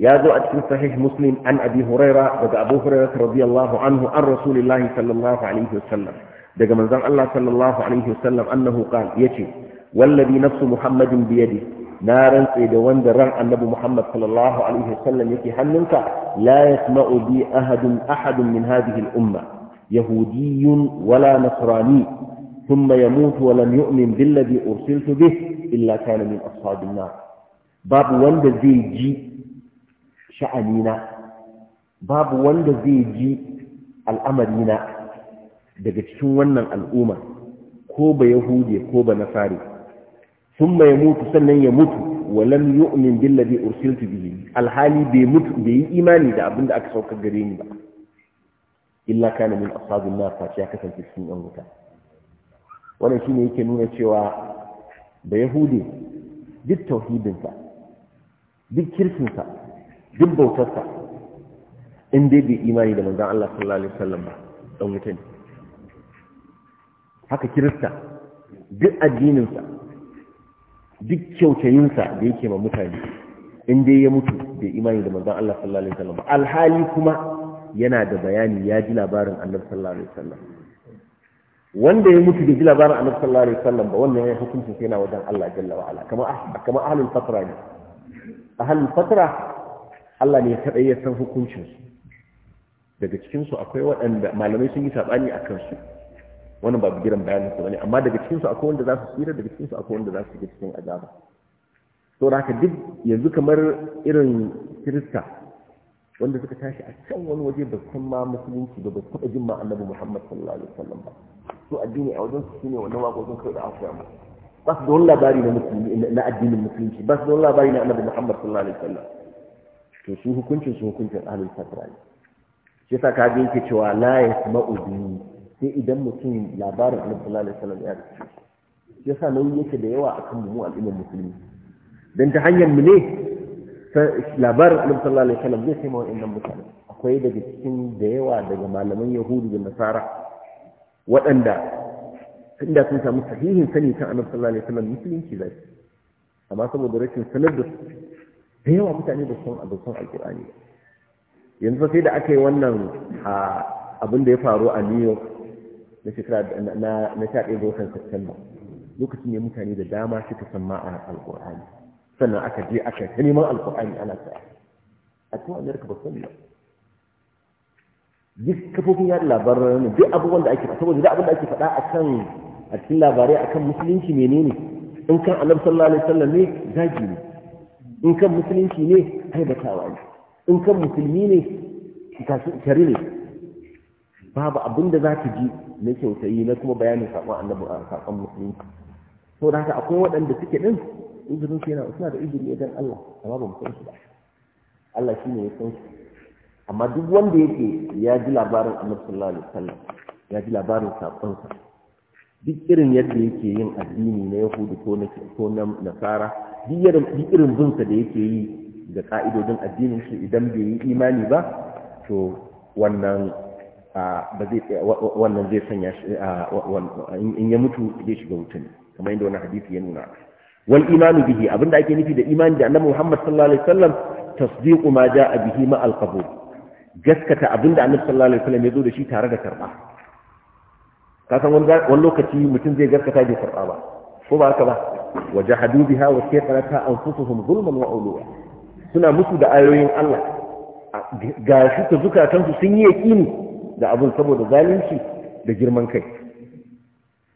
S1: يا ذو في صحيح مسلم عن أبي هريرة دقى أبو هريرة رضي الله عنه عن رسول الله صلى الله عليه وسلم دقى من ذن الله صلى الله عليه وسلم أنه قال يتي والذي نفس محمد بيده نارا سيد وندران النبي محمد صلى الله عليه وسلم يتي حننك لا يسمع بي أحد أحد من هذه الأمة يهودي ولا نصراني ثم يموت ولم يؤمن بالذي أرسلت به إلا كان من أصحاب النار babu wanda zai ji sha'anina babu wanda zai ji al'amarina daga cikin wannan al'umma ko ba yahude ko ba nasari sun ya mutu sannan ya mutu walam yu'min billazi ursiltu bihi alhali bai mutu bai yi imani da abinda aka sauka gare ni ba illa kana min ashabin nar fa ya kasance cikin yan wuta wannan shine yake nuna cewa da yahude duk tauhidinsa duk kirkinsa duk bautarsa in dai bai imani da manzan Allah sallallahu alaihi wasallam ba ɗan wuta ne haka kirista duk addininsa duk kyautayinsa da yake ma mutane in dai ya mutu bai imani da manzan Allah sallallahu alaihi wasallam ba alhali kuma yana da bayani ya ji labarin annabi sallallahu alaihi wasallam wanda ya mutu da ji labarin annabi sallallahu alaihi wasallam ba wannan ya hukunci sai yana wajen Allah jalla wa'ala, kamar ah, kamar ahlul fatra ne A hannun fatara Allah ne ya kaɗai ya san hukuncinsu daga cikinsu akwai waɗanda malamai sun yi saɓani a kansu wannan ba bigiran bayanin su ba ne. amma daga cikinsu akwai wanda za su tsira daga cikinsu akwai wanda za su shiga cikin azaba to haka duk yanzu kamar irin kirista wanda suka tashi a can wani waje ba san ma musulunci ba ba taɓa jin ma annabi muhammad sallallahu alaihi wasallam ba su addini a wajen su shine wannan waƙoƙin kai da aka yi بس دون da wani labari na na addinin musulunci ba su labari na annabi Muhammad sallallahu alaihi كنت to كنت hukuncin الفترة hukuncin ahlul fatra ne shi yasa ka yake cewa la yasma'u bi sai idan mutum labarin annabi sallallahu alaihi wasallam ya rike shi yasa nauyi yake da yawa akan mu al'ummar musulmi dan ta hanyar mu ne labarin annabi sallallahu alaihi wasallam zai kai ma wa'annan mutane akwai daga cikin da yawa daga malaman yahudu da nasara waɗanda inda sun samu sahihin sani kan annabi sallallahu alaihi wasallam musulunci zai amma saboda rashin sanar da da yawa mutane da son abusan alqur'ani yanzu sai da aka yi wannan abin da ya faru a new york na shekara na na sha ɗaya watan september lokacin ne mutane da dama suka san ma ma'anar alqur'ani sannan aka je aka ta neman alqur'ani ana ta a cikin amerika ba sani ba duk kafofin yaɗa ne duk abubuwan da ake faɗa saboda duk abin da ake faɗa a kan a cikin labarai kan musulunci menene in kan annabi sallallahu alaihi wasallam ne zagi ne in kan musulunci ne aibatawa ne in kan musulmi ne kare ne babu abin da za ji na kyautayi na kuma bayanin saƙon annabi a saƙon musulunci sau da haka akwai waɗanda suke ɗin izinin su yana suna da izini dan Allah amma ba mu san su ba Allah shi ne ya san su amma duk wanda yake ya ji labarin annabi sallallahu alaihi wasallam ya ji labarin saƙonsa duk irin yadda yake yin addini na yahudu ko na ko na nasara duk irin bunsa da yake yi ga ka'idodin addinin shi idan bai yi imani ba to wannan ba zai wannan zai sanya shi in ya mutu zai shiga wuta ne kamar yadda wannan hadisi ya nuna wal imanu bihi abinda ake nufi da imani da annabi Muhammad sallallahu alaihi wasallam tasdiqu ma jaa bihi ma al qabul gaskata abinda annabi sallallahu alaihi wasallam ya zo da shi tare da karba ka san wani lokaci mutum zai gaskata bai karɓa ba ko ba haka ba Waje jahadu biha wa shaytanata anfusuhum zulman wa uluwa suna musu da ayoyin Allah ga shi ta zukatansu sun yi yaƙini da abun saboda zalunci da girman kai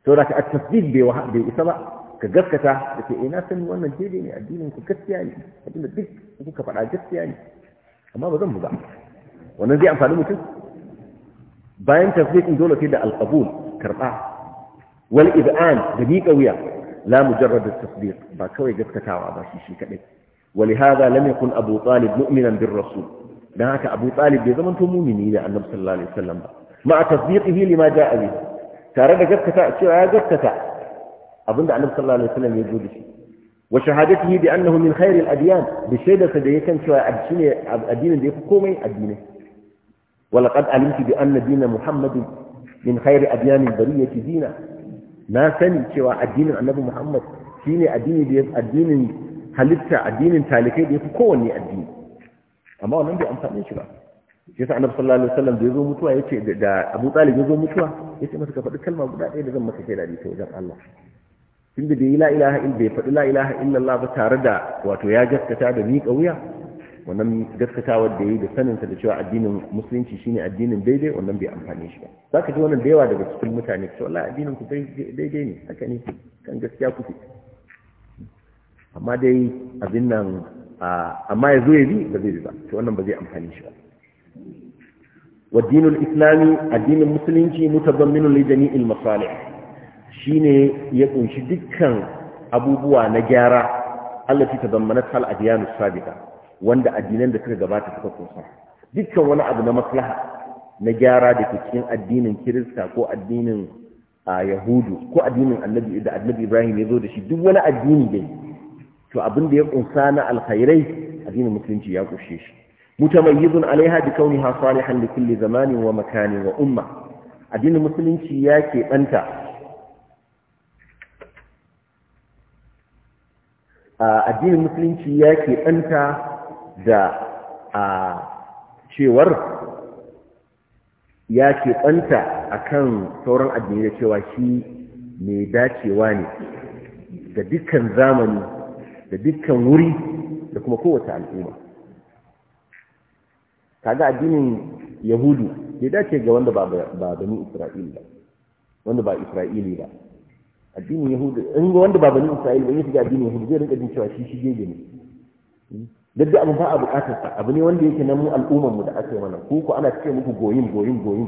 S1: saboda ka at-tasdiq bai isa ba ka gaskata da ke ina eh, san wannan daidai ne addinin ku gaskiya ne abinda duk kuka faɗa gaskiya ne amma ba zan buga wannan zai amfani mutum bayan in dole sai da alqabul karɓa wal دقيقة ويا لا مجرد التصديق mujarrad at-tasdiq ba kawai gaskatawa ba ولهذا لم يكن أبو طالب مؤمنا بالرسول لذلك أبو طالب بزمن مؤمني إلى النبي صلى الله عليه وسلم مع تصديقه لما جاء به ترى جكتا شو جكتا أظن النبي صلى الله عليه وسلم يقول شيء وشهادته بأنه من خير الأديان بالشيء ده كده شو أدين ده يفكومي أدينه ولقد علمت بأن دين محمد min khairi adyanil bariyati dina na sani cewa addinin annabi Muhammad shine addini da addinin halitta addinin talikai da yafi kowanne addini amma wannan bai amfane shi ba shi yasa annabi sallallahu alaihi wasallam da yazo mutuwa yace da Abu Talib yazo mutuwa yace masa ka faɗi kalma guda ɗaya da zan maka shaida da ita wajen Allah tunda da la ilaha illa bai faɗi la ilaha illallah ba tare da wato ya gaskata da miƙa wuya wannan gaskatawar da yi da saninsa da cewa addinin musulunci shine addinin daidai wannan bai amfane shi ba za ka ji wannan da yawa daga cikin mutane cewa Allah addinin ku daidai ne haka ne kan gaskiya kuke amma dai abin nan amma ya zo ya bi ba zai bi ba to wannan ba zai amfane shi ba Wa addinin musulunci والدين الإسلامي الدين المسلمي متضمن لجميع المصالح شيني يكون شدكا أبو بوا ta التي تضمنتها الأديان السابقة wanda addinan da suka gabata suka kusa dukkan wani abu na maslaha na gyara da ke cikin addinin kirista ko addinin yahudu ko addinin annabi da annabi ibrahim ya zo da shi duk wani addini dai to abin da ya kunsa na alkhairai addinin musulunci ya kushe shi mutamayyizun alaiha bi kauniha salihan li kulli zamanin wa makanin wa umma addinin musulunci ya ke banta addinin musulunci ya ke banta da a cewar ya ɓanta a kan sauran addini da cewa shi mai dacewa ne da dukkan zamani da dukkan wuri da kuma kowace al'umma kaga addinin yahudu bai dace ga wanda ba bani ba. wanda ba isra'ili ba addinin yahudu in wanda ba bani isra'ila ba ya shiga addinin yahudu zai rinka jin cewa shi shige ne duk da abu ba a bukatar sa abu ne wanda yake nan mu al'ummar mu da ake mana ko ku ana ce muku goyin goyin goyin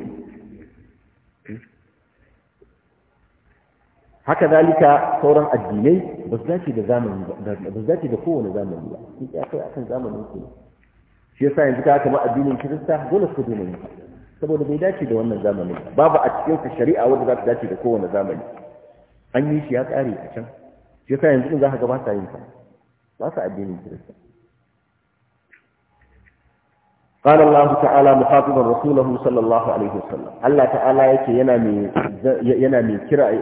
S1: haka zalika sauran addinai ba su dace da zamani ba ba su dace da kowane zamani ba sun ya kai akan zamanin ku shi yasa yanzu ka kama addinin kirista dole su dole ne saboda bai dace da wannan zamanin babu a cikin ka shari'a wanda za ta dace da kowane zamani an yi shi ya kare a can shi yasa yanzu in za ka gabata yin sa ba su addinin kirista قال الله تعالى مخاطبا رسوله صلى الله عليه وسلم الله تعالى yake yana mai yana mai kira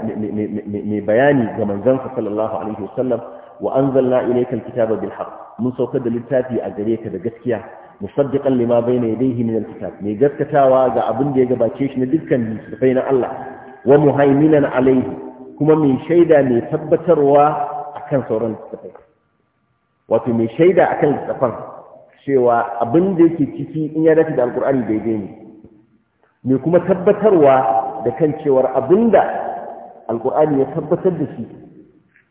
S1: mai bayani ga manzansa sallallahu alaihi wasallam wa anzalna ilayka alkitaba bil mun saukar da littafi a gare ka da gaskiya musaddiqan lima bayna yadayhi min alkitab mai gaskatawa ga abin da ya gabace shi na dukkan littafai na Allah wa muhaiminan alaihi kuma mai shaida mai tabbatarwa akan sauran littafai wato mai shaida akan littafan cewa abin da yake ciki in ya dace da alkur'ani daidai ne mai kuma tabbatarwa da kan cewar abin da alkur'ani ya tabbatar da shi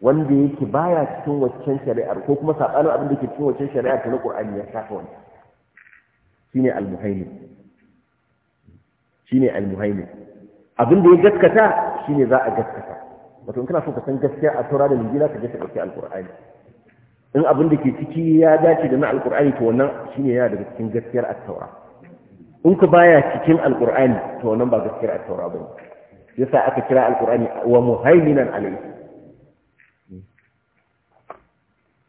S1: wanda yake baya cikin waccan shari'ar ko kuma saɓanin abin da ke cikin waccan shari'ar ta na ƙur'ani ya shafa wani shine shi ne almuhaimin abin da ya gaskata shi ne za a gaskata wato in kana so ka san gaskiya a taura da mijina ka gaskata ka ɗauki alkur'ani in abin da ke ciki ya dace da na alkur'ani to wannan shi ne yana daga cikin gaskiyar at in ku baya cikin alkur'ani to wannan ba gaskiyar ba ne. Ya sa aka kira alkur'ani wa muhaiminan ma'ana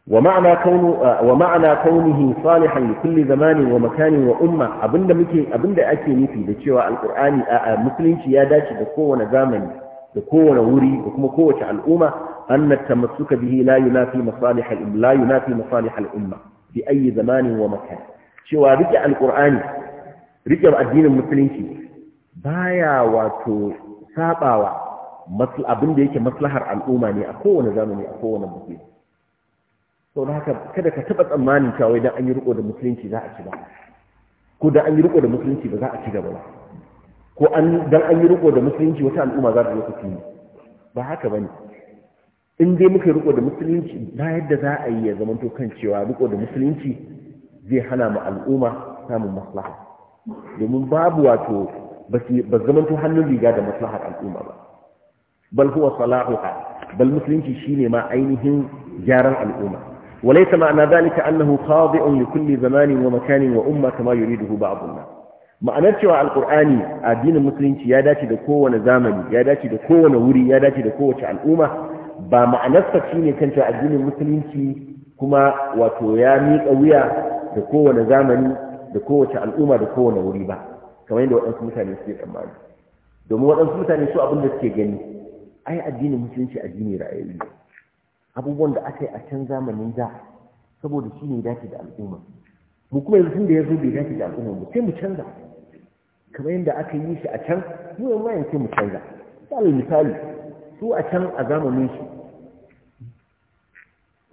S1: ومعنى كونه ومعنى كونه صالحا لكل زمان wa وامه abinda muke abinda ake nufi da cewa alqur'ani a musulunci ya dace da kowane zamani da kowane wuri da kuma kowace al'umma anna tamassuka bihi la yunafi masalih al la yunafi masalih al umma fi ayi zamanin wa makan cewa rike alqur'ani rike addinin musulunci baya wato sabawa abin da yake maslahar al'umma ne a kowane zamani a kowane mutum to da haka kada ka taɓa tsammanin cewa idan an yi riko da musulunci za a ci gaba ko da an yi riko da musulunci ba za a ci gaba ba ko an dan an yi riko da musulunci wata al'umma za ta zo ta fili ba haka bane in dai muka riko da musulunci ba yadda za a yi ya zama to kan cewa riko da musulunci zai hana mu al'umma samun maslaha domin babu wato ba zaman to hannun riga da maslahar al'umma ba bal huwa salahuha bal musulunci shine ma ainihin gyaran al'umma walaysa ma'ana dhalika annahu khadi'un li kulli zamanin wa makanin wa ummata kama yuriduhu ba'dunna ma'anar cewa alkur'ani addinin musulunci ya dace da kowane zamani ya dace da kowane wuri ya dace da kowace al'umma ba ma'anarsa shi ne kan cewa addinin musulunci kuma wato ya miƙa wuya da kowane zamani da kowace al'umma da kowane wuri ba kamar yadda waɗansu mutane suke tsammani domin waɗansu mutane su abin da suke gani ai addinin musulunci addini ra'ayoyi abubuwan da aka yi a can zamanin da saboda shi ne dace da al'umma mu kuma yanzu da ya zo bai dace da al'umma mu sai mu canza kamar yadda aka yi shi a can yi wa yanke mu canza misali misali su a can a zamanin shi.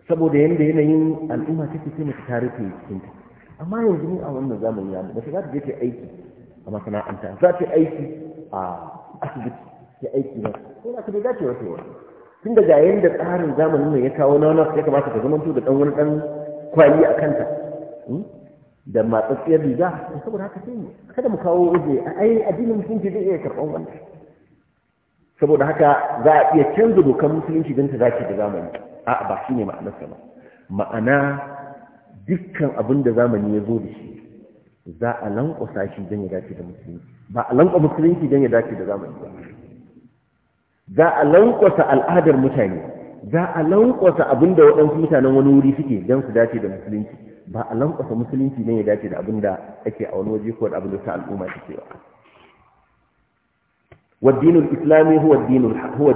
S1: saboda yadda yanayin al'umma take sai mace ta rufe cikinta amma yanzu ne a wannan zamani ba, mace za ta je ta aiki a masana'anta za ta aiki a asibiti ta aiki ba ko na ka da dace wata yawa tun daga yadda tsarin zamanin nan ya kawo na wani ya kamata ka zamanto da ɗan wani ɗan kwali a kanta hmm? da matsatsiyar riga to saboda haka sai kada mu kawo uje ai addinin musulunci zai iya karɓar wannan saboda haka za a iya canza dokar musulunci don ta zaki da zamani a ba shi ne ma'anar ba ma'ana dukkan abin da zamani ya zo da shi za a lankwasa shi don ya dace da musulunci ba a lankwa musulunci don ya dace da zamani ba za a lankwasa al'adar mutane za a lankwasa abin da waɗansu mutanen wani wuri suke don su dace da musulunci ba a lankwasa musulunci ne ya dace da abin da ake a wani waje ko da abin da ta al'umma take ba wa dinul islami huwa dinul huwa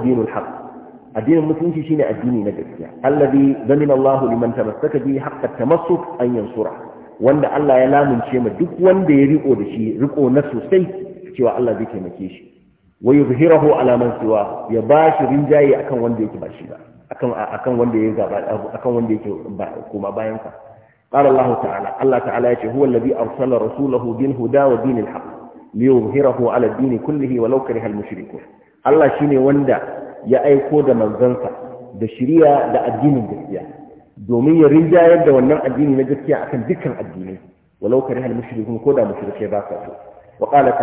S1: addinin musulunci shine addini na gaskiya alladhi zamina allahu liman tamassaka bi haqqa tamassuk an yansura wanda Allah ya lamunce ma duk wanda ya riƙo da shi riko na sosai cewa Allah zai taimake shi wa yuzhirahu ala man siwa ya shi rinjaye akan wanda yake ba shi ba akan wanda ya yake ba kuma bayan ka قال الله تعالى الله تعالى هو الذي أرسل رسوله بالهدى ودين الحق ليظهره على الدين كله da shari'a da addinin gaskiya domin ya rinjayar da wannan addini na gaskiya akan dukkan addinai walau kare hal mushrikun ko da mushrike ba Allah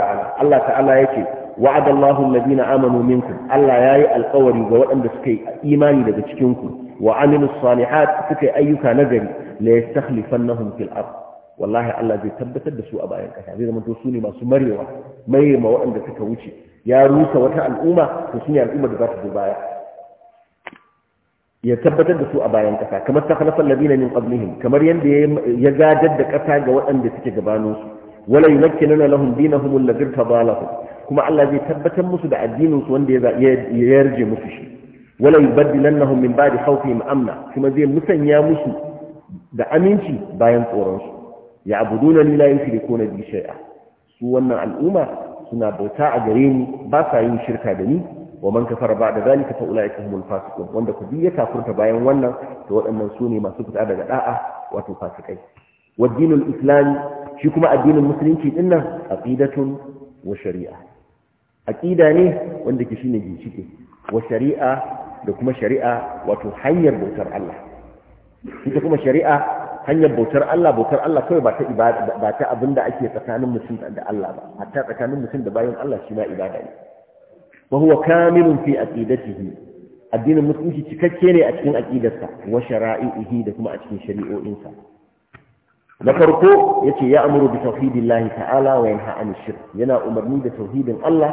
S1: ta'ala yake wa'ada Allahu alladhina Allah yayi alƙawari ga waɗanda suka yi imani daga cikin ku wa amilu salihat suka yi ayyuka nagari la na fil ard wallahi Allah zai tabbatar da su a bayan kasa zai zama to masu marewa marewa waɗanda suka wuce ya rusa wata al'umma to su ne al'ummar da za ta zo baya ya tabbatar da su a bayan kasa kamar ta khalafa alladhina min kamar yanda ya gadar da kasa ga waɗanda suke gabanin su wala yumakkinuna lahum kuma Allah zai tabbatar musu da addinin su wanda ya yarje musu shi wala yubaddilannahum min ba'di khawfihim amna kuma zai musanya musu da aminci bayan tsoron su ya abuduna ni la yushrikuna bi shay'a su wannan al'umma suna bauta a gare ni ba sa yin shirka da ni wa man kafara ba'da zalika fa ulaika humul fasiqun wanda ku biya kafurta bayan wannan to waɗannan su ne masu fita daga da'a wato fasikai wa dinul islam shi kuma addinin musulunci dinnan aqidatun wa shari'a aqida ne wanda ke shine ginshike wa shari'a da kuma shari'a wato hanyar bautar Allah ita kuma shari'a hanyar bautar Allah bautar Allah kawai ba ta ibada ba ta abinda ake tsakanin mutum da Allah ba hatta tsakanin mutum da bayan Allah shi ma ibada ne wa huwa kamilun fi aqidatihi addinin musulunci cikakke ne a cikin aqidarsa wa shara'ihi da kuma a cikin shari'o'insa na farko yace ya amuru bi tauhidillahi ta'ala wa yanha anil shirk yana umarni da tauhidin Allah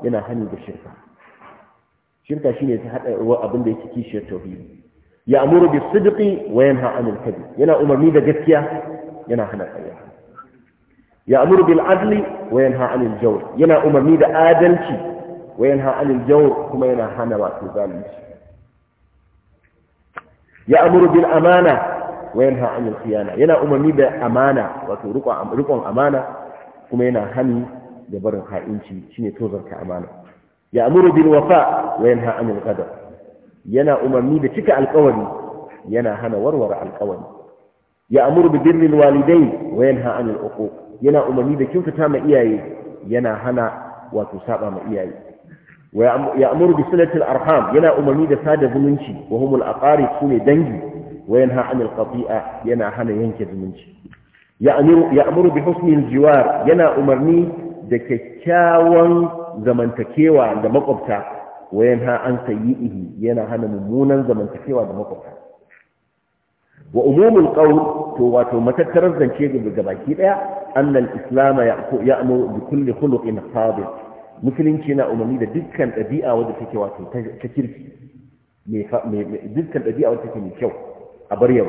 S1: yana hani da shirka shirka shine ta hada abin da yake kishiyar tauhidi ya amuru bi sidqi wa yanha anil kadhib yana umarni da gaskiya yana hana ƙarya ya amuru bil adli wa yanha anil jawr yana umarni da adalci wa yanha anil jawr kuma yana hana wato zalunci ya amuru bil amana wa yanha anil khiyana yana umarni da amana wato riƙon amana kuma yana hani da barin ha'inci shine tozarta amana يأمر بالوفاء وينهى عن الغدر ينا أممي بتك القولي ينا هنا ورور القولي يأمر ببر الوالدين وينهى عن العقوق ينا أممي بكيوتة ما إياي ينا هنا وتسابع ما إياي ويأمر بصلة الأرحام ينا أممي بسادة زمنشي وهم الأقارب سنة دنجي وينهى عن القطيئة ينا هنا ينكي زمنشي يأمر, يأمر بحسن الجوار ينا أممي بكيكاوان zamantakewa da makwabta wayan ha an sayyi'ihi yana hana mummunan zamantakewa da makwabta wa umumul qawl to wato matattarar zance ga baki daya annal islam ya'muru bi kulli khuluqin sabit musulunci na umarni da dukkan ɗabi'a wadda take wato ta kirki dukkan ɗabi'a wadda take mai kyau a bar yau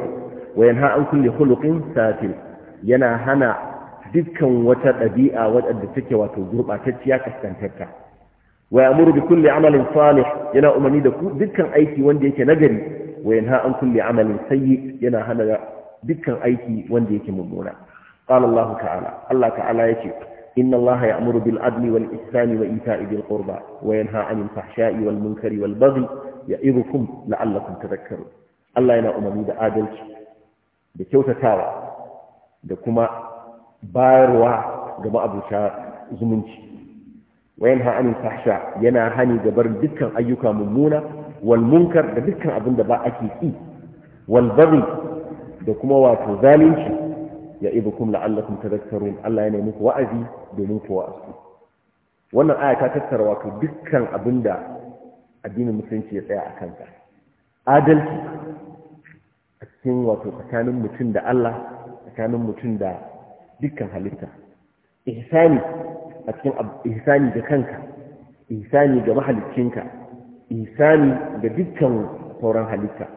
S1: wayan ha an kulli khuluqin satil yana hana dukkan wata ɗabi'a wadda take wato gurɓatacciya kaskantarta wa ya'muru bi kulli amalin salih yana umarni da dukkan aiki wanda yake nagari wa yanha an kulli amalin sayyi yana hana dukkan aiki wanda yake mummuna qala Allah ta'ala Allah ta'ala yace إن الله يأمر بالعدل والإحسان وإيتاء ذي القربى وينهى عن الفحشاء والمنكر والبغي يعظكم لعلكم تذكرون الله ينا yana umarni da adalci, da تاوى da kuma. bayarwa ga ma'abuta zumunci wayan ha anin fahsha yana hani ga barin dukkan ayyuka mummuna wal munkar da dukkan abin da ba ake yi wal bari da kuma wato zalunci ya ibukum la'allakum tadhakkarun Allah ya nemi ku wa'azi domin ku wa'azi wannan aya ta tattara wato dukkan abin da addinin musulunci ya tsaya a kanka. adalci a cikin wato tsakanin mutum da Allah tsakanin mutum da dukkan halitta ihsani a cikin ihsani ga kanka ihsani ga mahalicinka ihsani ga dukkan sauran halitta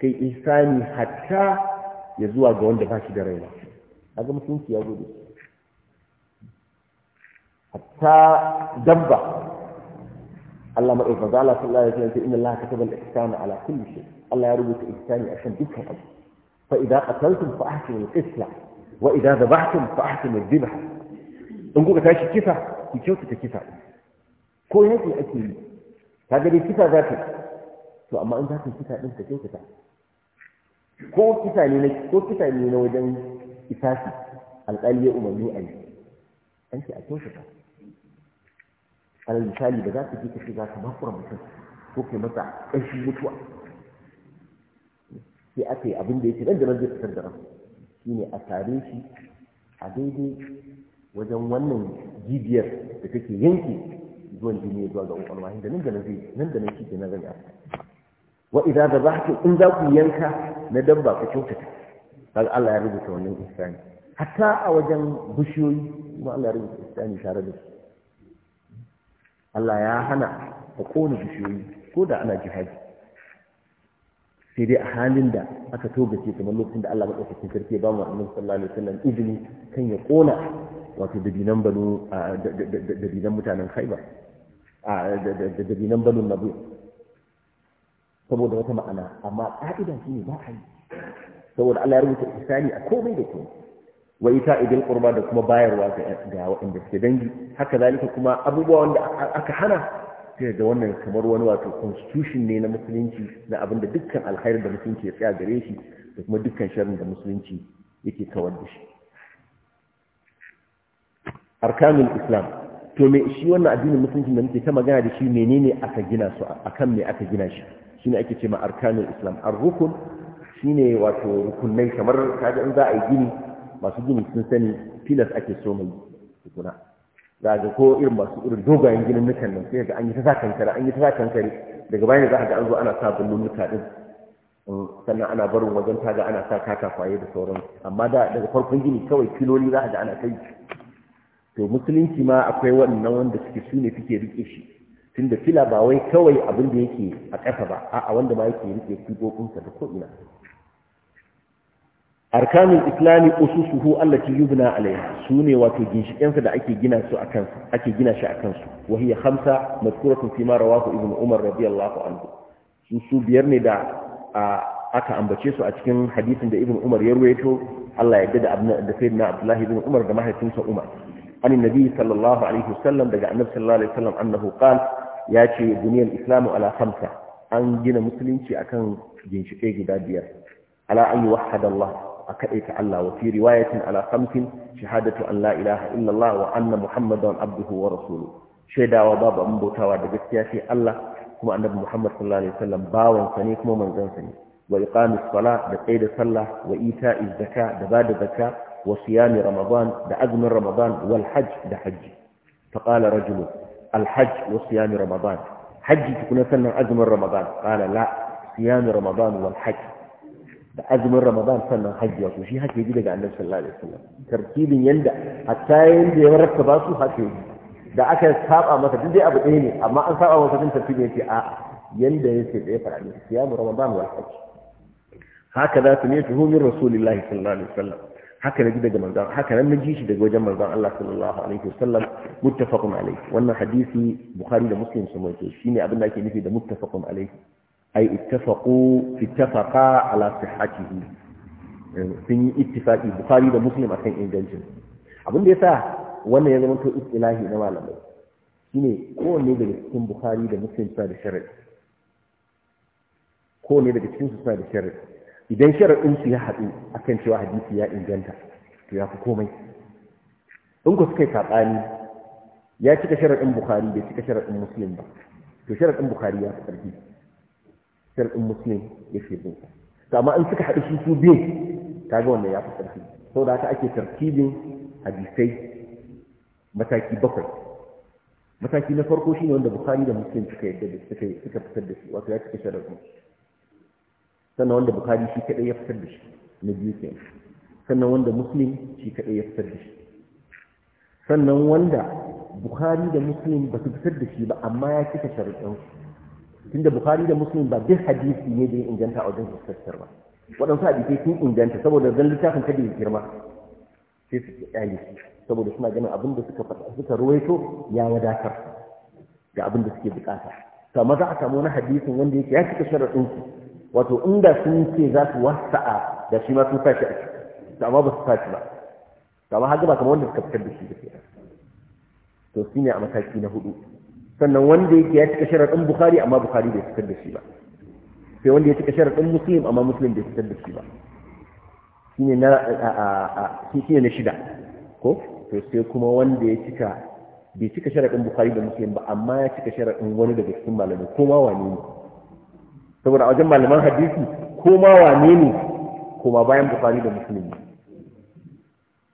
S1: kai ihsani hatta ya zuwa ga wanda ba shi da raina a ga musulunci ya gode hatta dabba Allah maɗauka za Allah sallallahu alaihi wasallam inna Allah kataba al-ihsana ala kulli shay Allah ya rubuta ihsani kan dukkan abu fa idza qataltum fa ahsinu al-qisla wa idan zabahtum fa ahsinu dhabha in tashi kisa ku kyautata kisa ko yake ake yi ka ga dai kisa za ta to amma in za ka kisa din ka kyautata ko kisa ne na wajen isafi alƙali ya umarni a yi an ce a kyautata alal da za ka je ka shiga ka makura mutum ko kai masa ƙarshen mutuwa sai aka yi abin da ya ce da zai fitar da shine a tare shi a daidai wajen wannan jibiyar da take yanke zuwan jini zuwa ga ƙwaƙwalwa inda nan da nan zai nan da nan shi ke na gani yasa wa idan da za in za ku yanka na dabba ka kyautata ga Allah ya rubuta wannan ihsani hatta a wajen bishiyoyi kuma Allah ya rubuta ihsani tare da su Allah ya hana ka kona bishiyoyi ko da ana jihadi sai dai a halin da aka toga togace kamar lokacin da Allah maɗaukakin sarki ya ba mu annabi sallallahu alaihi wasallam izini kan ya ƙona wato dabinan banu dabinan mutanen Khaibar da dabinan banu Nabi saboda wata ma'ana amma ƙa'ida shi ne ba a yi saboda Allah ya rubuta ihsani a komai da komai wa ita idil qurba da kuma bayarwa ga waɗanda suke dangi haka zalika kuma abubuwa wanda aka hana sai ga wannan kamar wani wato constitution ne na musulunci na abin da dukkan alkhairin da musulunci ya tsaya gare shi da kuma dukkan sharrin da musulunci yake kawar da shi arkanul islam to me shi wannan addinin musulunci da muke ta magana da shi menene aka gina su akan me aka gina shi shine ake cewa arkanul islam ar-rukun shine wato rukunai kamar kaga in za a yi gini masu gini sun sani filas ake so mai tukuna za ga ko irin masu irin dogayen ginin nukan nan sai ga an yi ta sa kankare an yi ta sa kankare daga bayan za ga an zo ana sa bullon nuka din mm, sannan ana barin wajen taga ana sa katakwaye da sauran amma da daga farkon gini kawai filoli za ga ana kai to musulunci ma akwai wannan wanda suke su ne suke rike shi tunda fila ba wai kawai abin da yake a ƙasa ba a'a wanda ma yake rike kibokunsa da ko'ina arkanul islami ususuhu allati yubna alaiha sune wato ginshikensa da ake gina su akan ake gina shi akan su wa hiya khamsa madkuratun fi ma rawahu ibnu umar radiyallahu anhu su su biyar ne da aka ambace su a cikin hadisin da ibnu umar ya ruwaito Allah ya yarda da abna sayyidina abdullahi ibn umar da mahaifinsa umar an nabi sallallahu alaihi wasallam daga annabi sallallahu alaihi wasallam annahu qala ya ce duniyar islamu ala khamsa an gina musulunci akan ginshike guda biyar ala an yuwahhada Allah a kaɗaita Allah wa fi riwayatin ala khamsin shahadatu an la ilaha illallah wa anna muhammadan abduhu wa rasuluhu shaidawa babu an bautawa da gaskiya sai Allah kuma annabi Muhammad sallallahu alaihi wasallam bawan sa ne kuma manzon sa ne wa iqamis sala da tsaida sallah wa ita'iz zakka da bada zakka wa siyami ramadan da azumin ramadan wal hajj da hajji fa qala rajul al hajj wa siyami ramadan hajji tukuna sannan azumin ramadan qala la siyami ramadan wal hajj da azumin ramadan sannan hajji wato shi haka yi daga annabi sallallahu alaihi wasallam tartibin yanda hatta yanda ya rarraba ba su haka yaji da aka saba masa duk dai abu ɗaya ne amma an saba masa din tartibin yake a yanda yake da ya fara ne siyamu ramadan wal hajj haka za su ne tuhu min rasulillahi sallallahu alaihi wasallam haka naji daga manzon haka nan naji shi daga wajen manzon Allah sallallahu alaihi wasallam muttafaqun alaihi wannan hadisi bukhari da muslim sun wace shine abin da ake nufi da muttafaqun alaihi ai ittafaqu ittafaqa ala sihhatihi sun yi ittifaqi bukhari da muslim akan ingancin abin da yasa wannan ya zama to istilahi na malamai shine kowanne daga cikin bukhari da muslim suna da sharadi kowanne daga cikin su suna da sharadi idan sharadin su ya haɗu akan cewa hadisi ya inganta to ya fi komai in ku suka yi saɓani ya cika sharaɗin bukhari bai cika sharaɗin muslim ba to sharaɗin bukhari ya fi ƙarfi shar'in musulun ya fi bin sa amma in suka haɗu su biyu ta ga wannan ya fi ƙarfi da haka ake tartibin hadisai mataki bakwai mataki na farko shine wanda bukari da musulun suka yadda da suka suka fitar da shi wato ya cika sharadi sannan wanda bukari shi kadai ya fitar da shi na biyu ke sannan wanda musulun shi kadai ya fitar da shi sannan wanda bukari da musulun ba su fitar da shi ba amma ya cika sharadin tunda bukhari da muslim ba duk hadisi ne da ya inganta a wajen tafsir ba waɗansu hadisai sun inganta saboda zan littafin kada ya girma sai su ƙyale shi saboda suna ganin abin da suka faɗa suka ruwaito ya wadatar da abin da suke buƙata. to amma za a samu wani hadisin wanda yake ya cika sharaɗin su wato inda sun ce za su wasa'a da shi ma sun sa shi a ciki to amma ba su sa shi ba to amma haka ba kamar wanda suka fitar da shi da ke to shi ne a mataki na hudu sannan wanda yake ya cika sharaɗin bukhari amma bukhari bai fitar da shi ba sai wanda ya cika sharaɗin muslim amma muslim bai fitar da shi ba shi na na shida ko to sai kuma wanda ya cika bai cika sharaɗin bukhari da muslim ba amma ya cika sharaɗin wani daga cikin malamai ko ma wane ne saboda a wajen malaman hadisi ko ma wane ne ko ma bayan bukhari da muslim ne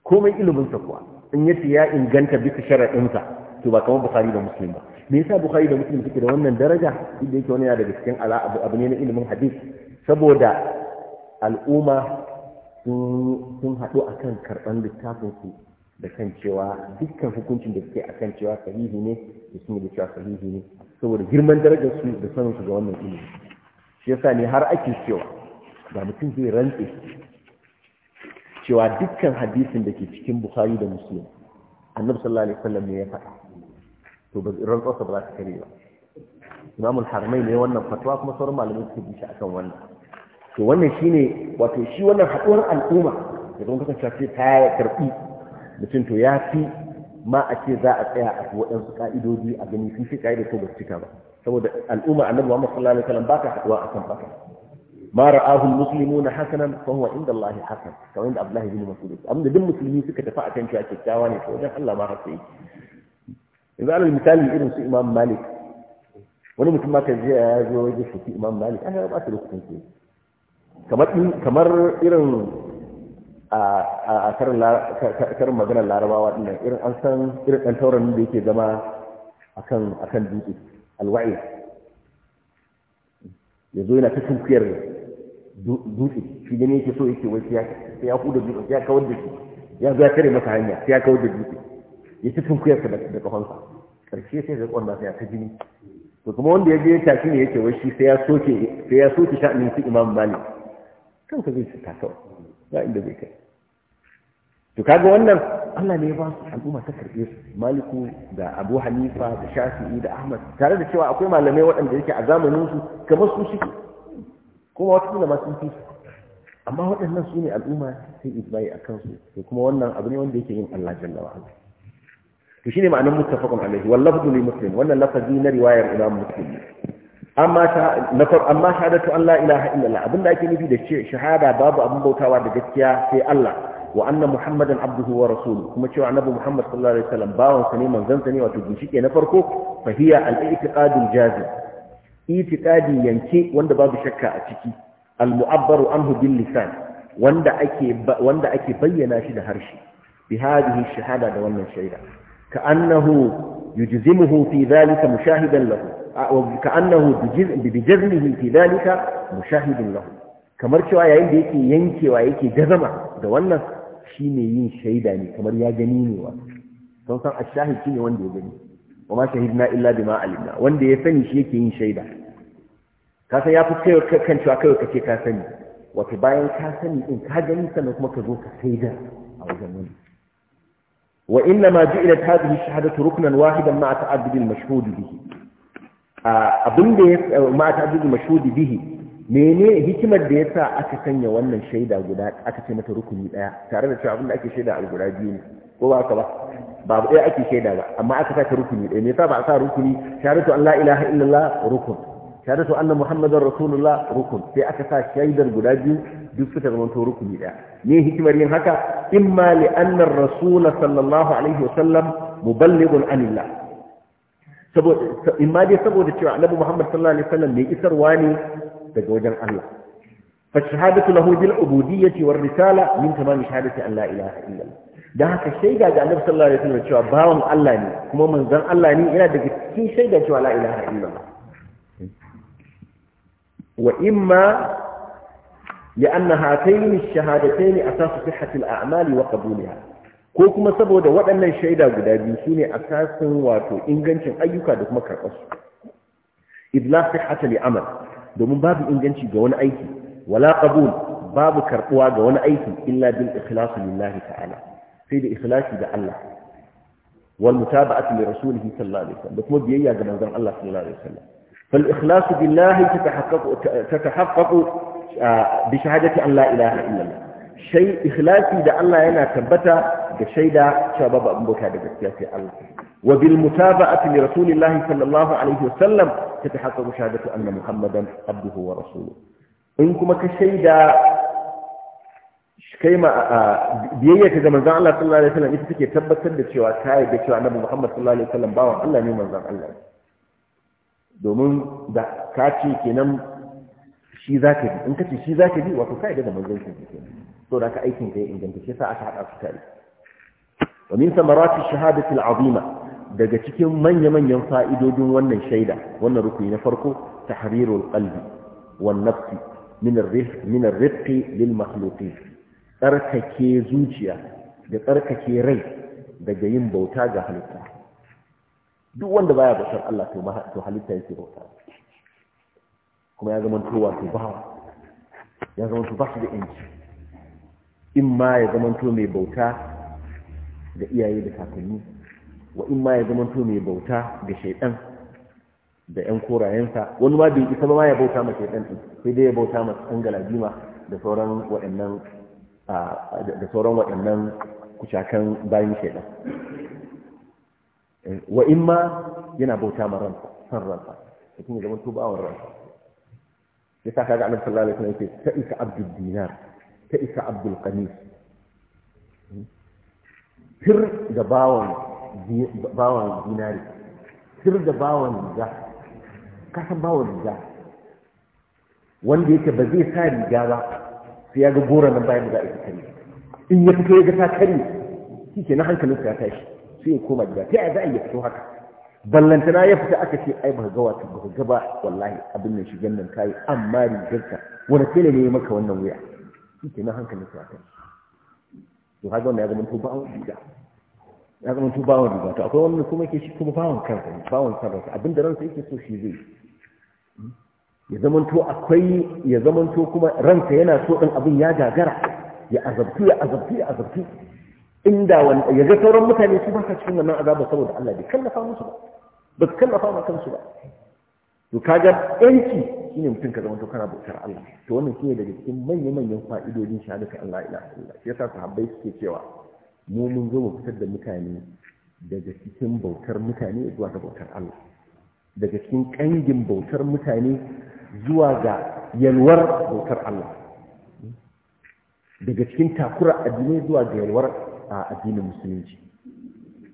S1: komai ilimin sa kuwa in yace ya inganta bisa sharaɗinsa to ba kamar bukhari da muslim ba me yasa bukhari da muslim suke da wannan daraja Idan yake wani yana daga cikin ala abu abu ne na ilimin hadith saboda al'umma sun haɗu akan karɓar littafin su da kan cewa dukkan hukuncin da suke akan cewa sahihi ne da sun da cewa sahihi ne saboda girman darajar su da sanin su ga wannan ilimi shi yasa ne har ake cewa ga mutum zai rantse cewa dukkan hadisin da ke cikin bukhari da muslim annabi sallallahu alaihi wasallam ne ya faɗa to rantsuwarsa ba za ta kare ba imamul harmai ne wannan fatwa kuma sauran malamai suka bi akan wannan to wannan shine wato shi wannan haɗuwar al'umma da don kasance ce ta ya karɓi mutum to ya fi ma a ce za a tsaya a waɗansu ƙa'idodi a gani sun fi ƙa'idar ko ba su cika ba saboda al'umma annabi Muhammad sallallahu alaihi wasallam ba ta haɗuwa akan baka ma ra'ahu almuslimuna hasanan fa huwa inda Allah hasan kamar inda Abdullahi bin Mas'ud amma duk musulmi suka tafi a akan cewa kyakkyawa ne to wajen Allah ma haka yake yanzu alal misali irin su imam malik wani mutum ma kan jiya ya zo wajen shi imam malik an ya ba su lokacin ke kamar kamar irin a karin maganar larabawa dinnan irin an san irin ɗan tauran da yake zama akan akan dutse alwa'i ya zo yana ta tunkiyar dutse shi ne yake so yake wai sai ya huda dutse ya kawar da shi ya zo ya kare masa hanya sai ya kawar da dutse ya ci tunkuyarsa da kafansa ƙarshe sai ga ƙwanda sai ta jini to kuma wanda ya je ya tafi ne yake wai shi sai ya soke sai ya soke sha'anin su imam malik ka zai ta kawo ba inda zai kai to kaga wannan Allah ne ya ba su al'umma ta karbe su maliku da abu hanifa da shafi'i da ahmad tare da cewa akwai malamai waɗanda yake a zamanin su kamar su shi kuma wasu kila masu sun fi amma waɗannan su ne al'umma sai isbai a kansu to kuma wannan abu ne wanda yake yin Allah jalla wa'ala to shine ma'anar muttafaqun alaihi wal li muslim wannan lafazi na riwayar imam muslim amma ta amma shahadatu an la ilaha illallah abinda ake nufi da shahada babu abin bautawa da gaskiya sai Allah wa anna muhammadan abduhu wa rasuluhu kuma cewa annabi muhammad sallallahu alaihi wasallam bawan sa ne manzon sa ne wato ginshike na farko fa hiya al i'tiqadul jazim i'tiqadi yanke wanda babu shakka a ciki al mu'abbaru anhu bil lisan wanda ake wanda ake bayyana shi da harshe bi hadhihi shahada da wannan shaida كأنه يجزمه في ذلك مشاهدا له كأنه بجزمه في ذلك مشاهد له kamar cewa yayin da yake yankewa yake zama da wannan ne yin shaida ne kamar ya gani ne wa sun san ashahid shine wanda ya gani wa ma na illa bima alimna wanda ya sani shi yake yin shaida ka san ya fi kai kan cewa kai kace ka sani wato bayan ka sani din ka gani sannan kuma ka zo ka shaida a wajen wani وإنما جئلت هذه الشهادة ركنا واحدا مع تعدد المشهود به abin da ya ma ta zuwa mashudi bihi mene hikimar da yasa aka sanya wannan shaida guda aka ce mata rukuni daya tare da cewa abin da ake shaida a guda biyu ne ko ba ka ba ba abu ɗaya ake shaida ba amma aka sa ta rukuni daya. me yasa ba a sa rukuni shahadatu an la ilaha illallah rukun shahadatu anna muhammadar rasulullah rukun sai aka sa shaidar guda biyu duk suka zama to rukuni daya ne hikimar yin haka imma li anna rasul sallallahu alaihi wasallam muballighun anillah saboda imma dai saboda cewa annabi muhammad sallallahu alaihi wasallam mai isarwa ne daga wajen Allah fa shahadatu lahu bil ubudiyyati war risala min tamam shahadati an la ilaha illallah dan haka shaida ga annabi sallallahu alaihi wasallam cewa bawan Allah ne kuma manzon Allah ne yana daga cikin shaida cewa la ilaha illallah wa imma لأن هاتين الشهادتين أساس صحة الأعمال وقبولها ko kuma saboda waɗannan shaida guda biyu su ne a asasin wato ingancin ayyuka da kuma karɓarsu idla sihhata li amal domin babu inganci ga wani aiki wala qabul babu karɓuwa ga wani aiki illa bin ikhlas lillahi ta'ala sai da ikhlasi da Allah wal mutaba'atu li rasulihi sallallahu alaihi wasallam da kuma biyayya ga manzon Allah sallallahu alaihi wasallam فالإخلاص بالله تتحقق, تتحقق آه، بشهادة أن لا إله إلا الله شيء إخلاصي إذا الله أنا تبتا ده شيء شباب أبو هذا بسياسي الله وبالمتابعة لرسول الله صلى الله عليه وسلم تتحقق شهادة أن محمدا عبده ورسوله إنكم كشيء ده كيما آه، بيئة إذا من الله صلى الله عليه وسلم إذا تكي تبتا ده شوى كاي ده محمد صلى الله عليه وسلم باوى الله نيمان الله domin da ka ce kenan shi za ka bi in ka ce shi za ka bi wato ka yi da manzon shi ke so da ka aikin ka yi inganta shi sa aka haɗa su tare wa min samarati shahadatil azima daga cikin manya-manyan fa'idodin wannan shaida wannan rukuni na farko tahrirul qalbi wan nafsi min ar-rifq min ar-rifqi lil makhluqin tsarkake zuciya da tsarkake rai daga yin bauta ga halitta duk wanda baya bautar Allah to to halitta yake bauta kuma ya zama to wato bawa ya zama to ba da inci in ma ya zama to mai bauta ga iyaye da kakanni wa in ma ya zama to mai bauta ga shaidan da yan korayensa wani ma bai isa ba ma ya bauta ma shaidan din sai dai ya bauta ma san jima da sauran waɗannan da sauran waɗannan kucakan bayan shaidan wa ma yana bauta ma ransa san ransa mutum ya zama tubawan ransa ya sa kaga annabi sallallahu alaihi wasallam yake ta isa abdul dinar ta isa abdul qamis fir da bawan bawan dinari fir da bawan riga ka san bawan riga wanda yake ba zai sa riga ba sai ya ga gora nan bayan da ita a in ya fito ya ga ta kare shi ke na hankalinsa ya tashi sai ya koma gida ta yaya za a fito haka ballantana ya fita aka ce ai baka gawa ka baka gaba wallahi abin nan shi nan kai amma rigarka wani tele ne maka wannan wuya shi ke nan hankalin su akan to haka wanda ya zama to bawon riga ya zama to bawon riga to akwai wani kuma ke shi kuma bawon kansa bawon kansa abin da ransa yake so shi zai ya zama to akwai ya zama to kuma ransa yana so din abin ya gagara ya azabtu ya azabtu ya azabtu inda wanda ya ga sauran mutane su baka cikin wannan azaba saboda Allah bai kallafa musu ba ba su kallafa ma kansu ba to kaga yanci shine mutum ka zama to kana bautar Allah to wannan shine daga cikin manyan manyan fa'idodin shahadatu Allah ila Allah shi yasa sahabbai suke cewa mu mun zo mu fitar da mutane daga cikin bautar mutane zuwa ga bautar Allah daga cikin kangin bautar mutane zuwa ga yalwar bautar Allah daga cikin takurar addinai zuwa ga yalwar a addinin musulunci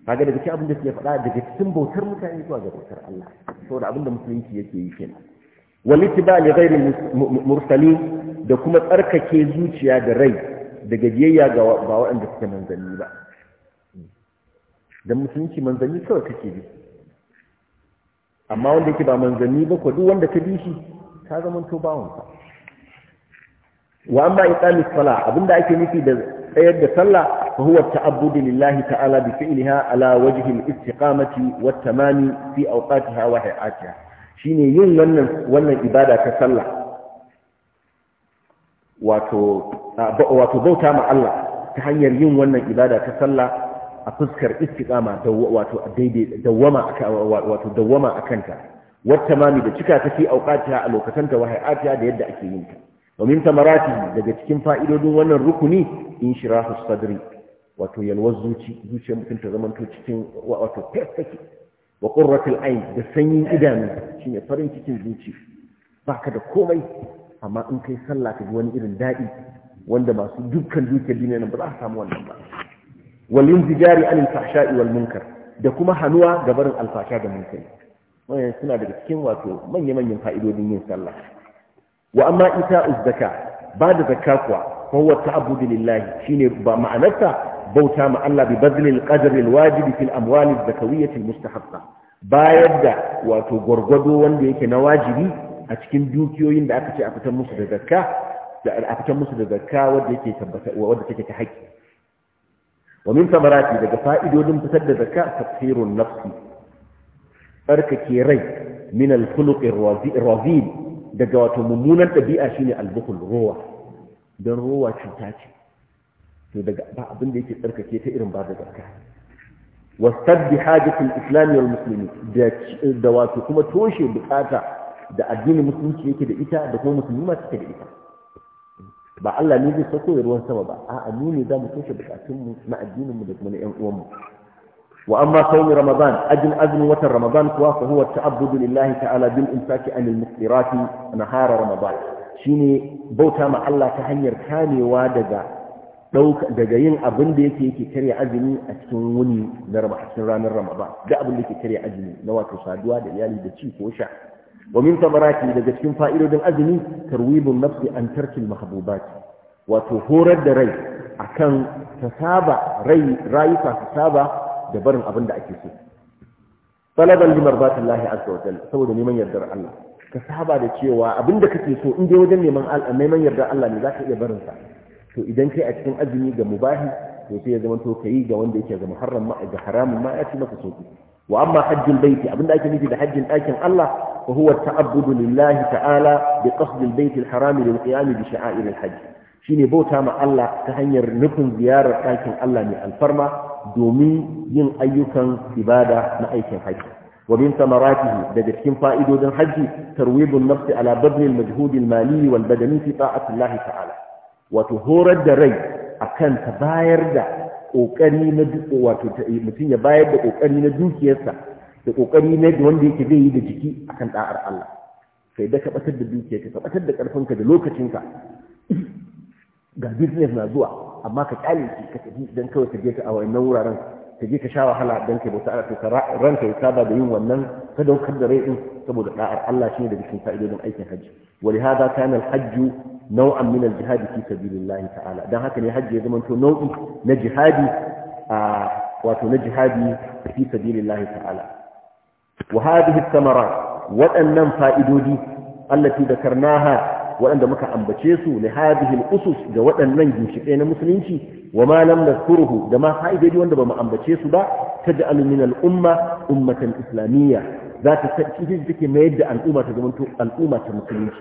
S1: kaga daga cikin abin da suke faɗa daga cikin bautar mutane zuwa ga bautar Allah saboda abin da musulunci yake yi kenan wal ittiba li ghairi mursalin da kuma tsarkake zuciya da rai daga biyayya ga ba waɗanda suke manzanni ba dan musulunci manzanni kawai kake bi amma wanda yake ba manzanni ba ko duk wanda ka bi shi ka zama to bawansa wa amma iqamis sala abinda ake nufi da tsayar da sallah فهو التعبد لله تعالى بفعلها على وجه الاستقامة والتمام في أوقاتها وحياتها شيني ين ونن ونن إبادة تسلع وتبوتا مع الله تحير ين ونن إبادة تسلع أتذكر استقامة وتدوما أكنتا والتمام دا تكا في أوقاتها ألوكتنت وحياتها دا يدعك ينك ومن ثمراته دا تكين فائدة ونن ركني انشراح الصدري wato yalwar zuci zuciyar mutum ta zama to cikin wato fesake wa qurratul ain da sanyin idanu shine farin cikin zuci baka da komai amma in kai sallah ka ji wani irin daɗi wanda masu dukkan dukiyar duniya nan ba za a samu wannan ba wal inzijari anil fahsha'i wal munkar da kuma hanuwa ga barin alfasha da munkari wannan suna daga cikin wato manya manyan fa'idodin yin sallah wa amma ita'uz zakka ba da zakka kuwa fa huwa ta'budu lillahi shine ba ma'anarsa bauta ma Allah bi bazlil qadr wajibi wajib fil amwal al zakawiyyah al mustahaqqa bayar da wato gwargwado wanda yake na wajibi a cikin dukiyoyin da aka ce a fitar musu da zakka da a fitar musu da zakka wanda yake ta haƙƙi wa samarati daga fa'idodin fitar da zakka tafsirun nafsi tsarkake rai min al-khuluq ar-razil daga wato mummunan ɗabi'a shine al-bukhl don rowa cuta ce to daga ba abin da yake tsarkake ta irin ba da zakka wasabbi hajatul islami wal muslimi da da wato kuma toshe bukata da addinin musulunci yake da ita da kuma musulmi ma take da ita ba Allah ne zai sako ya ruwan sama ba a'a mu ne zamu toshe bukatun mu na addinin mu da kuma na ƴan uwan mu wa amma sawmi ramadan ajin azumin watan ramadan kuwa fa huwa ta'abbudu lillahi ta'ala bil imsaki anil na nahara ramadan shine bauta ma Allah ta hanyar kamewa daga yin abin da yake yake karya azumi a cikin wuni na cikin ranar ramadan da abin da yake karya azumi na wato saduwa da iyali da ci ko sha wa min daga cikin fa'idodin azumi tarwibun nafsi an tarkil mahbubat wato horar da rai akan ta saba rai rayuka ta saba da barin abin da ake so talaban limarbatin lahi azza wa saboda neman yardar Allah ka saba da cewa abinda kake so in dai wajen neman neman yarda Allah ne za ka iya barin sa to idan kai a cikin azumi ga mubahi to sai ya zama to kai ga wanda yake ga muharram ma ga haramun ma ya ci maka wa amma hajjin baiti abinda ake nufi da hajjin ɗakin Allah fa huwa ta'abbudu lillahi ta'ala bi qasd al-bayt al-haram lil qiyam bi sha'air al-hajj shine bauta ma Allah ta hanyar nufin ziyarar ɗakin Allah mai alfarma domin yin ayyukan ibada na aikin hajji ومن ثمراته دجتكم فائدو دن حج ترويض النفس على بذل المجهود المالي والبدني في طاعة الله تعالى وتهور الدري أكان تباير دا mutum ya bayar da ƙoƙari na dukiyarsa da ƙoƙari wanda yake zai yi da jiki akan ɗa'ar Allah sai da ka ɓatar da dukiyarka ka ɓatar da ƙarfinka da lokacinka ga biznes na zuwa amma ka ƙyare ka tafi don ka a wannan wuraren ka je ka sha wahala don ka bauta Allah to ranka ya saba da yin wannan sadaukar da rai din saboda da'ar Allah shine da cikin fa'idodin aikin hajji wa lihada kana al-hajj nau'an min al-jihad fi sabilillah ta'ala dan haka ne hajji ya zama to nau'i na jihadi a wato na jihadi fi sabilillahi ta'ala wa hadhihi ath waɗannan fa'idodi allati karnaha. waɗanda muka ambace su na hadhihi al-usus ga waɗannan ginshiƙe na musulunci wa ma lam nadhkuruhu da ma fa'idodi wanda bamu ambace su ba Ta min alumin umma ummatan islamiyya za ta tace take mayar da al'umma ta zamanto al'umma ta musulunci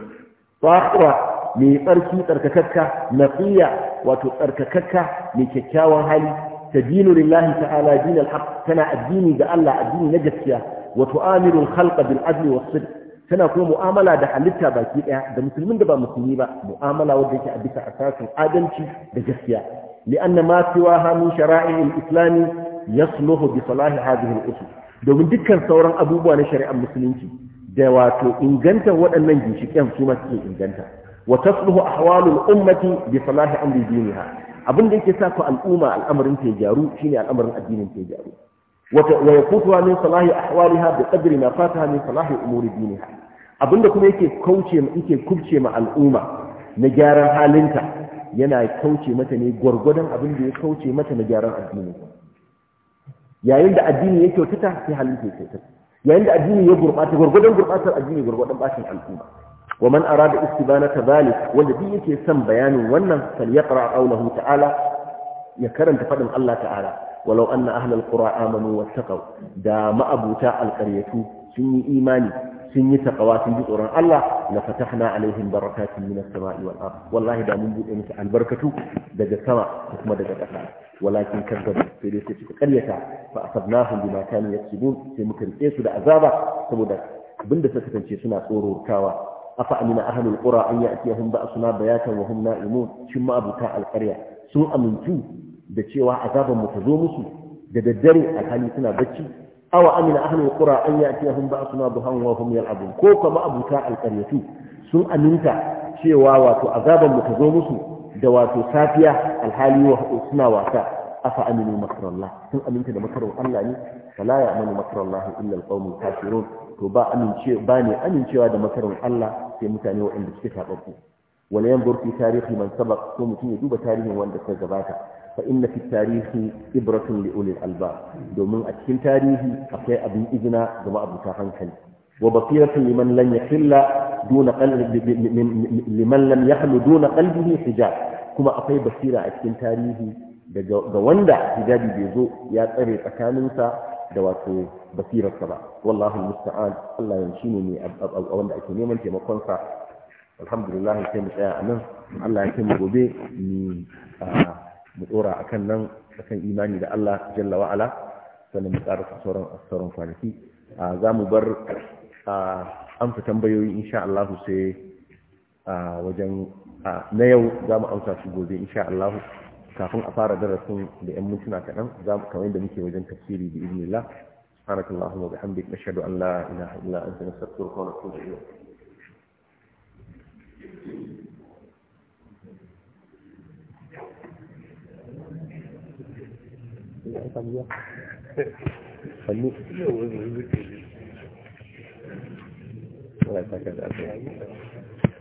S1: Fakura mai tsarki tsarkakakka Nafiya wato tsarkakakka mai kyakkyawan hali ta dinu lillahi ta'ala dinal haqq tana addini ga Allah addini na gaskiya wa tu'amiru al-khalqa bil adli was sidq tana kuma mu'amala da halitta baki daya da musulmin da ba musulmi ba mu'amala wanda yake a bisa asasin adalci da gaskiya li'anna ma siwa hanu shara'i'il islami yasluhu bi salahi hadhihi al-usul domin dukkan sauran abubuwa na shari'ar musulunci da wato inganta waɗannan ginshiƙen su ma suke inganta wa tasluhu ahwalul ummati bi salahi amri diniha abin da yake sa ku al'umma al'amarin ta gyaru shine al'amarin addinin ta gyaru ويفوتها من صلاح أحوالها بقدر ما فاتها من صلاح أمور دينها abinda kuma yake kauce yake kubce ma al'umma na gyaran halinta yana kauce mata ne gwargwadon abin da ya kauce mata na gyaran addini yayin da addini ya kyautata sai halin kyautata yayin da addini ya gurɓata gwargwadon gurɓatar addini gwargwadon bashin al'umma wa man arada istibanata zalik wanda duk yake son bayanin wannan fal yaqra ta'ala ya karanta faɗin Allah ta'ala walau na ahlal qura amanu wattaqaw da ma'abuta alƙaryatu sun yi imani sun yi taƙawa sun ji tsoron Allah na fatahna alaihim barakatin minas sama'i wal ard wallahi da mun bude musu albarkatu daga sama kuma daga ƙasa walakin kadzabu sai dai suka ƙaryata fa asabnahum bima kanu yaksubun sai muka rike su da azaba saboda abinda suka kasance suna tsorotawa afa amina ahlul qura an ya'tiyahum ba'suna bayatan wa hum na'imun shin ma abuta alqarya sun amintu da cewa azaban mu ta zo musu da daddare a hali suna bacci awa amina ahlul qura an ya'tiyahum ba'suna duhan wa hum yal'abun ko kama abuta alqaryatu sun aminta cewa wato azaban mu ta zo musu da wato safiya alhali suna wasa afa aminu makrallah sun aminta da makarar Allah ne fala ya amanu makrallah illa alqawmul kafirun to ba amince ba ne amincewa da makarar Allah sai mutane waɗanda suke tababbu wala yanzur fi tarihi man sabaq ko mutum ya duba tarihin wanda suka gabata fa inna fi tarihi ibratun li ulil domin a cikin tarihi akwai abin izina ga ma'abuta hankali wa basiratun liman lam yahilla duna qalbi liman lam yahlu duna qalbihi hijab kuma akwai basira a cikin tarihi daga wanda hijabi bai zo ya tsare tsakaninsa da wato basirarsa ba wallahi musta'an Allah yanci ne a wanda ake neman taimakonsa, sa alhamdulillah sai mu tsaya anan. nan Allah ya kai mu gobe mu dora akan nan akan imani da Allah jalla wa ala sannan mu tsara sauran sauran kwanaki za mu bar an fi tambayoyi insha Allah sai wajen na yau za mu amsa su gobe insha Allah kafin a fara darasin da yan mintuna kaɗan za mu kamar yadda muke wajen tafsiri da iznillah سبحانك اللهم وبحمدك نشهد ان لا اله الا انت نستغفرك ونتوب اليك Thank you.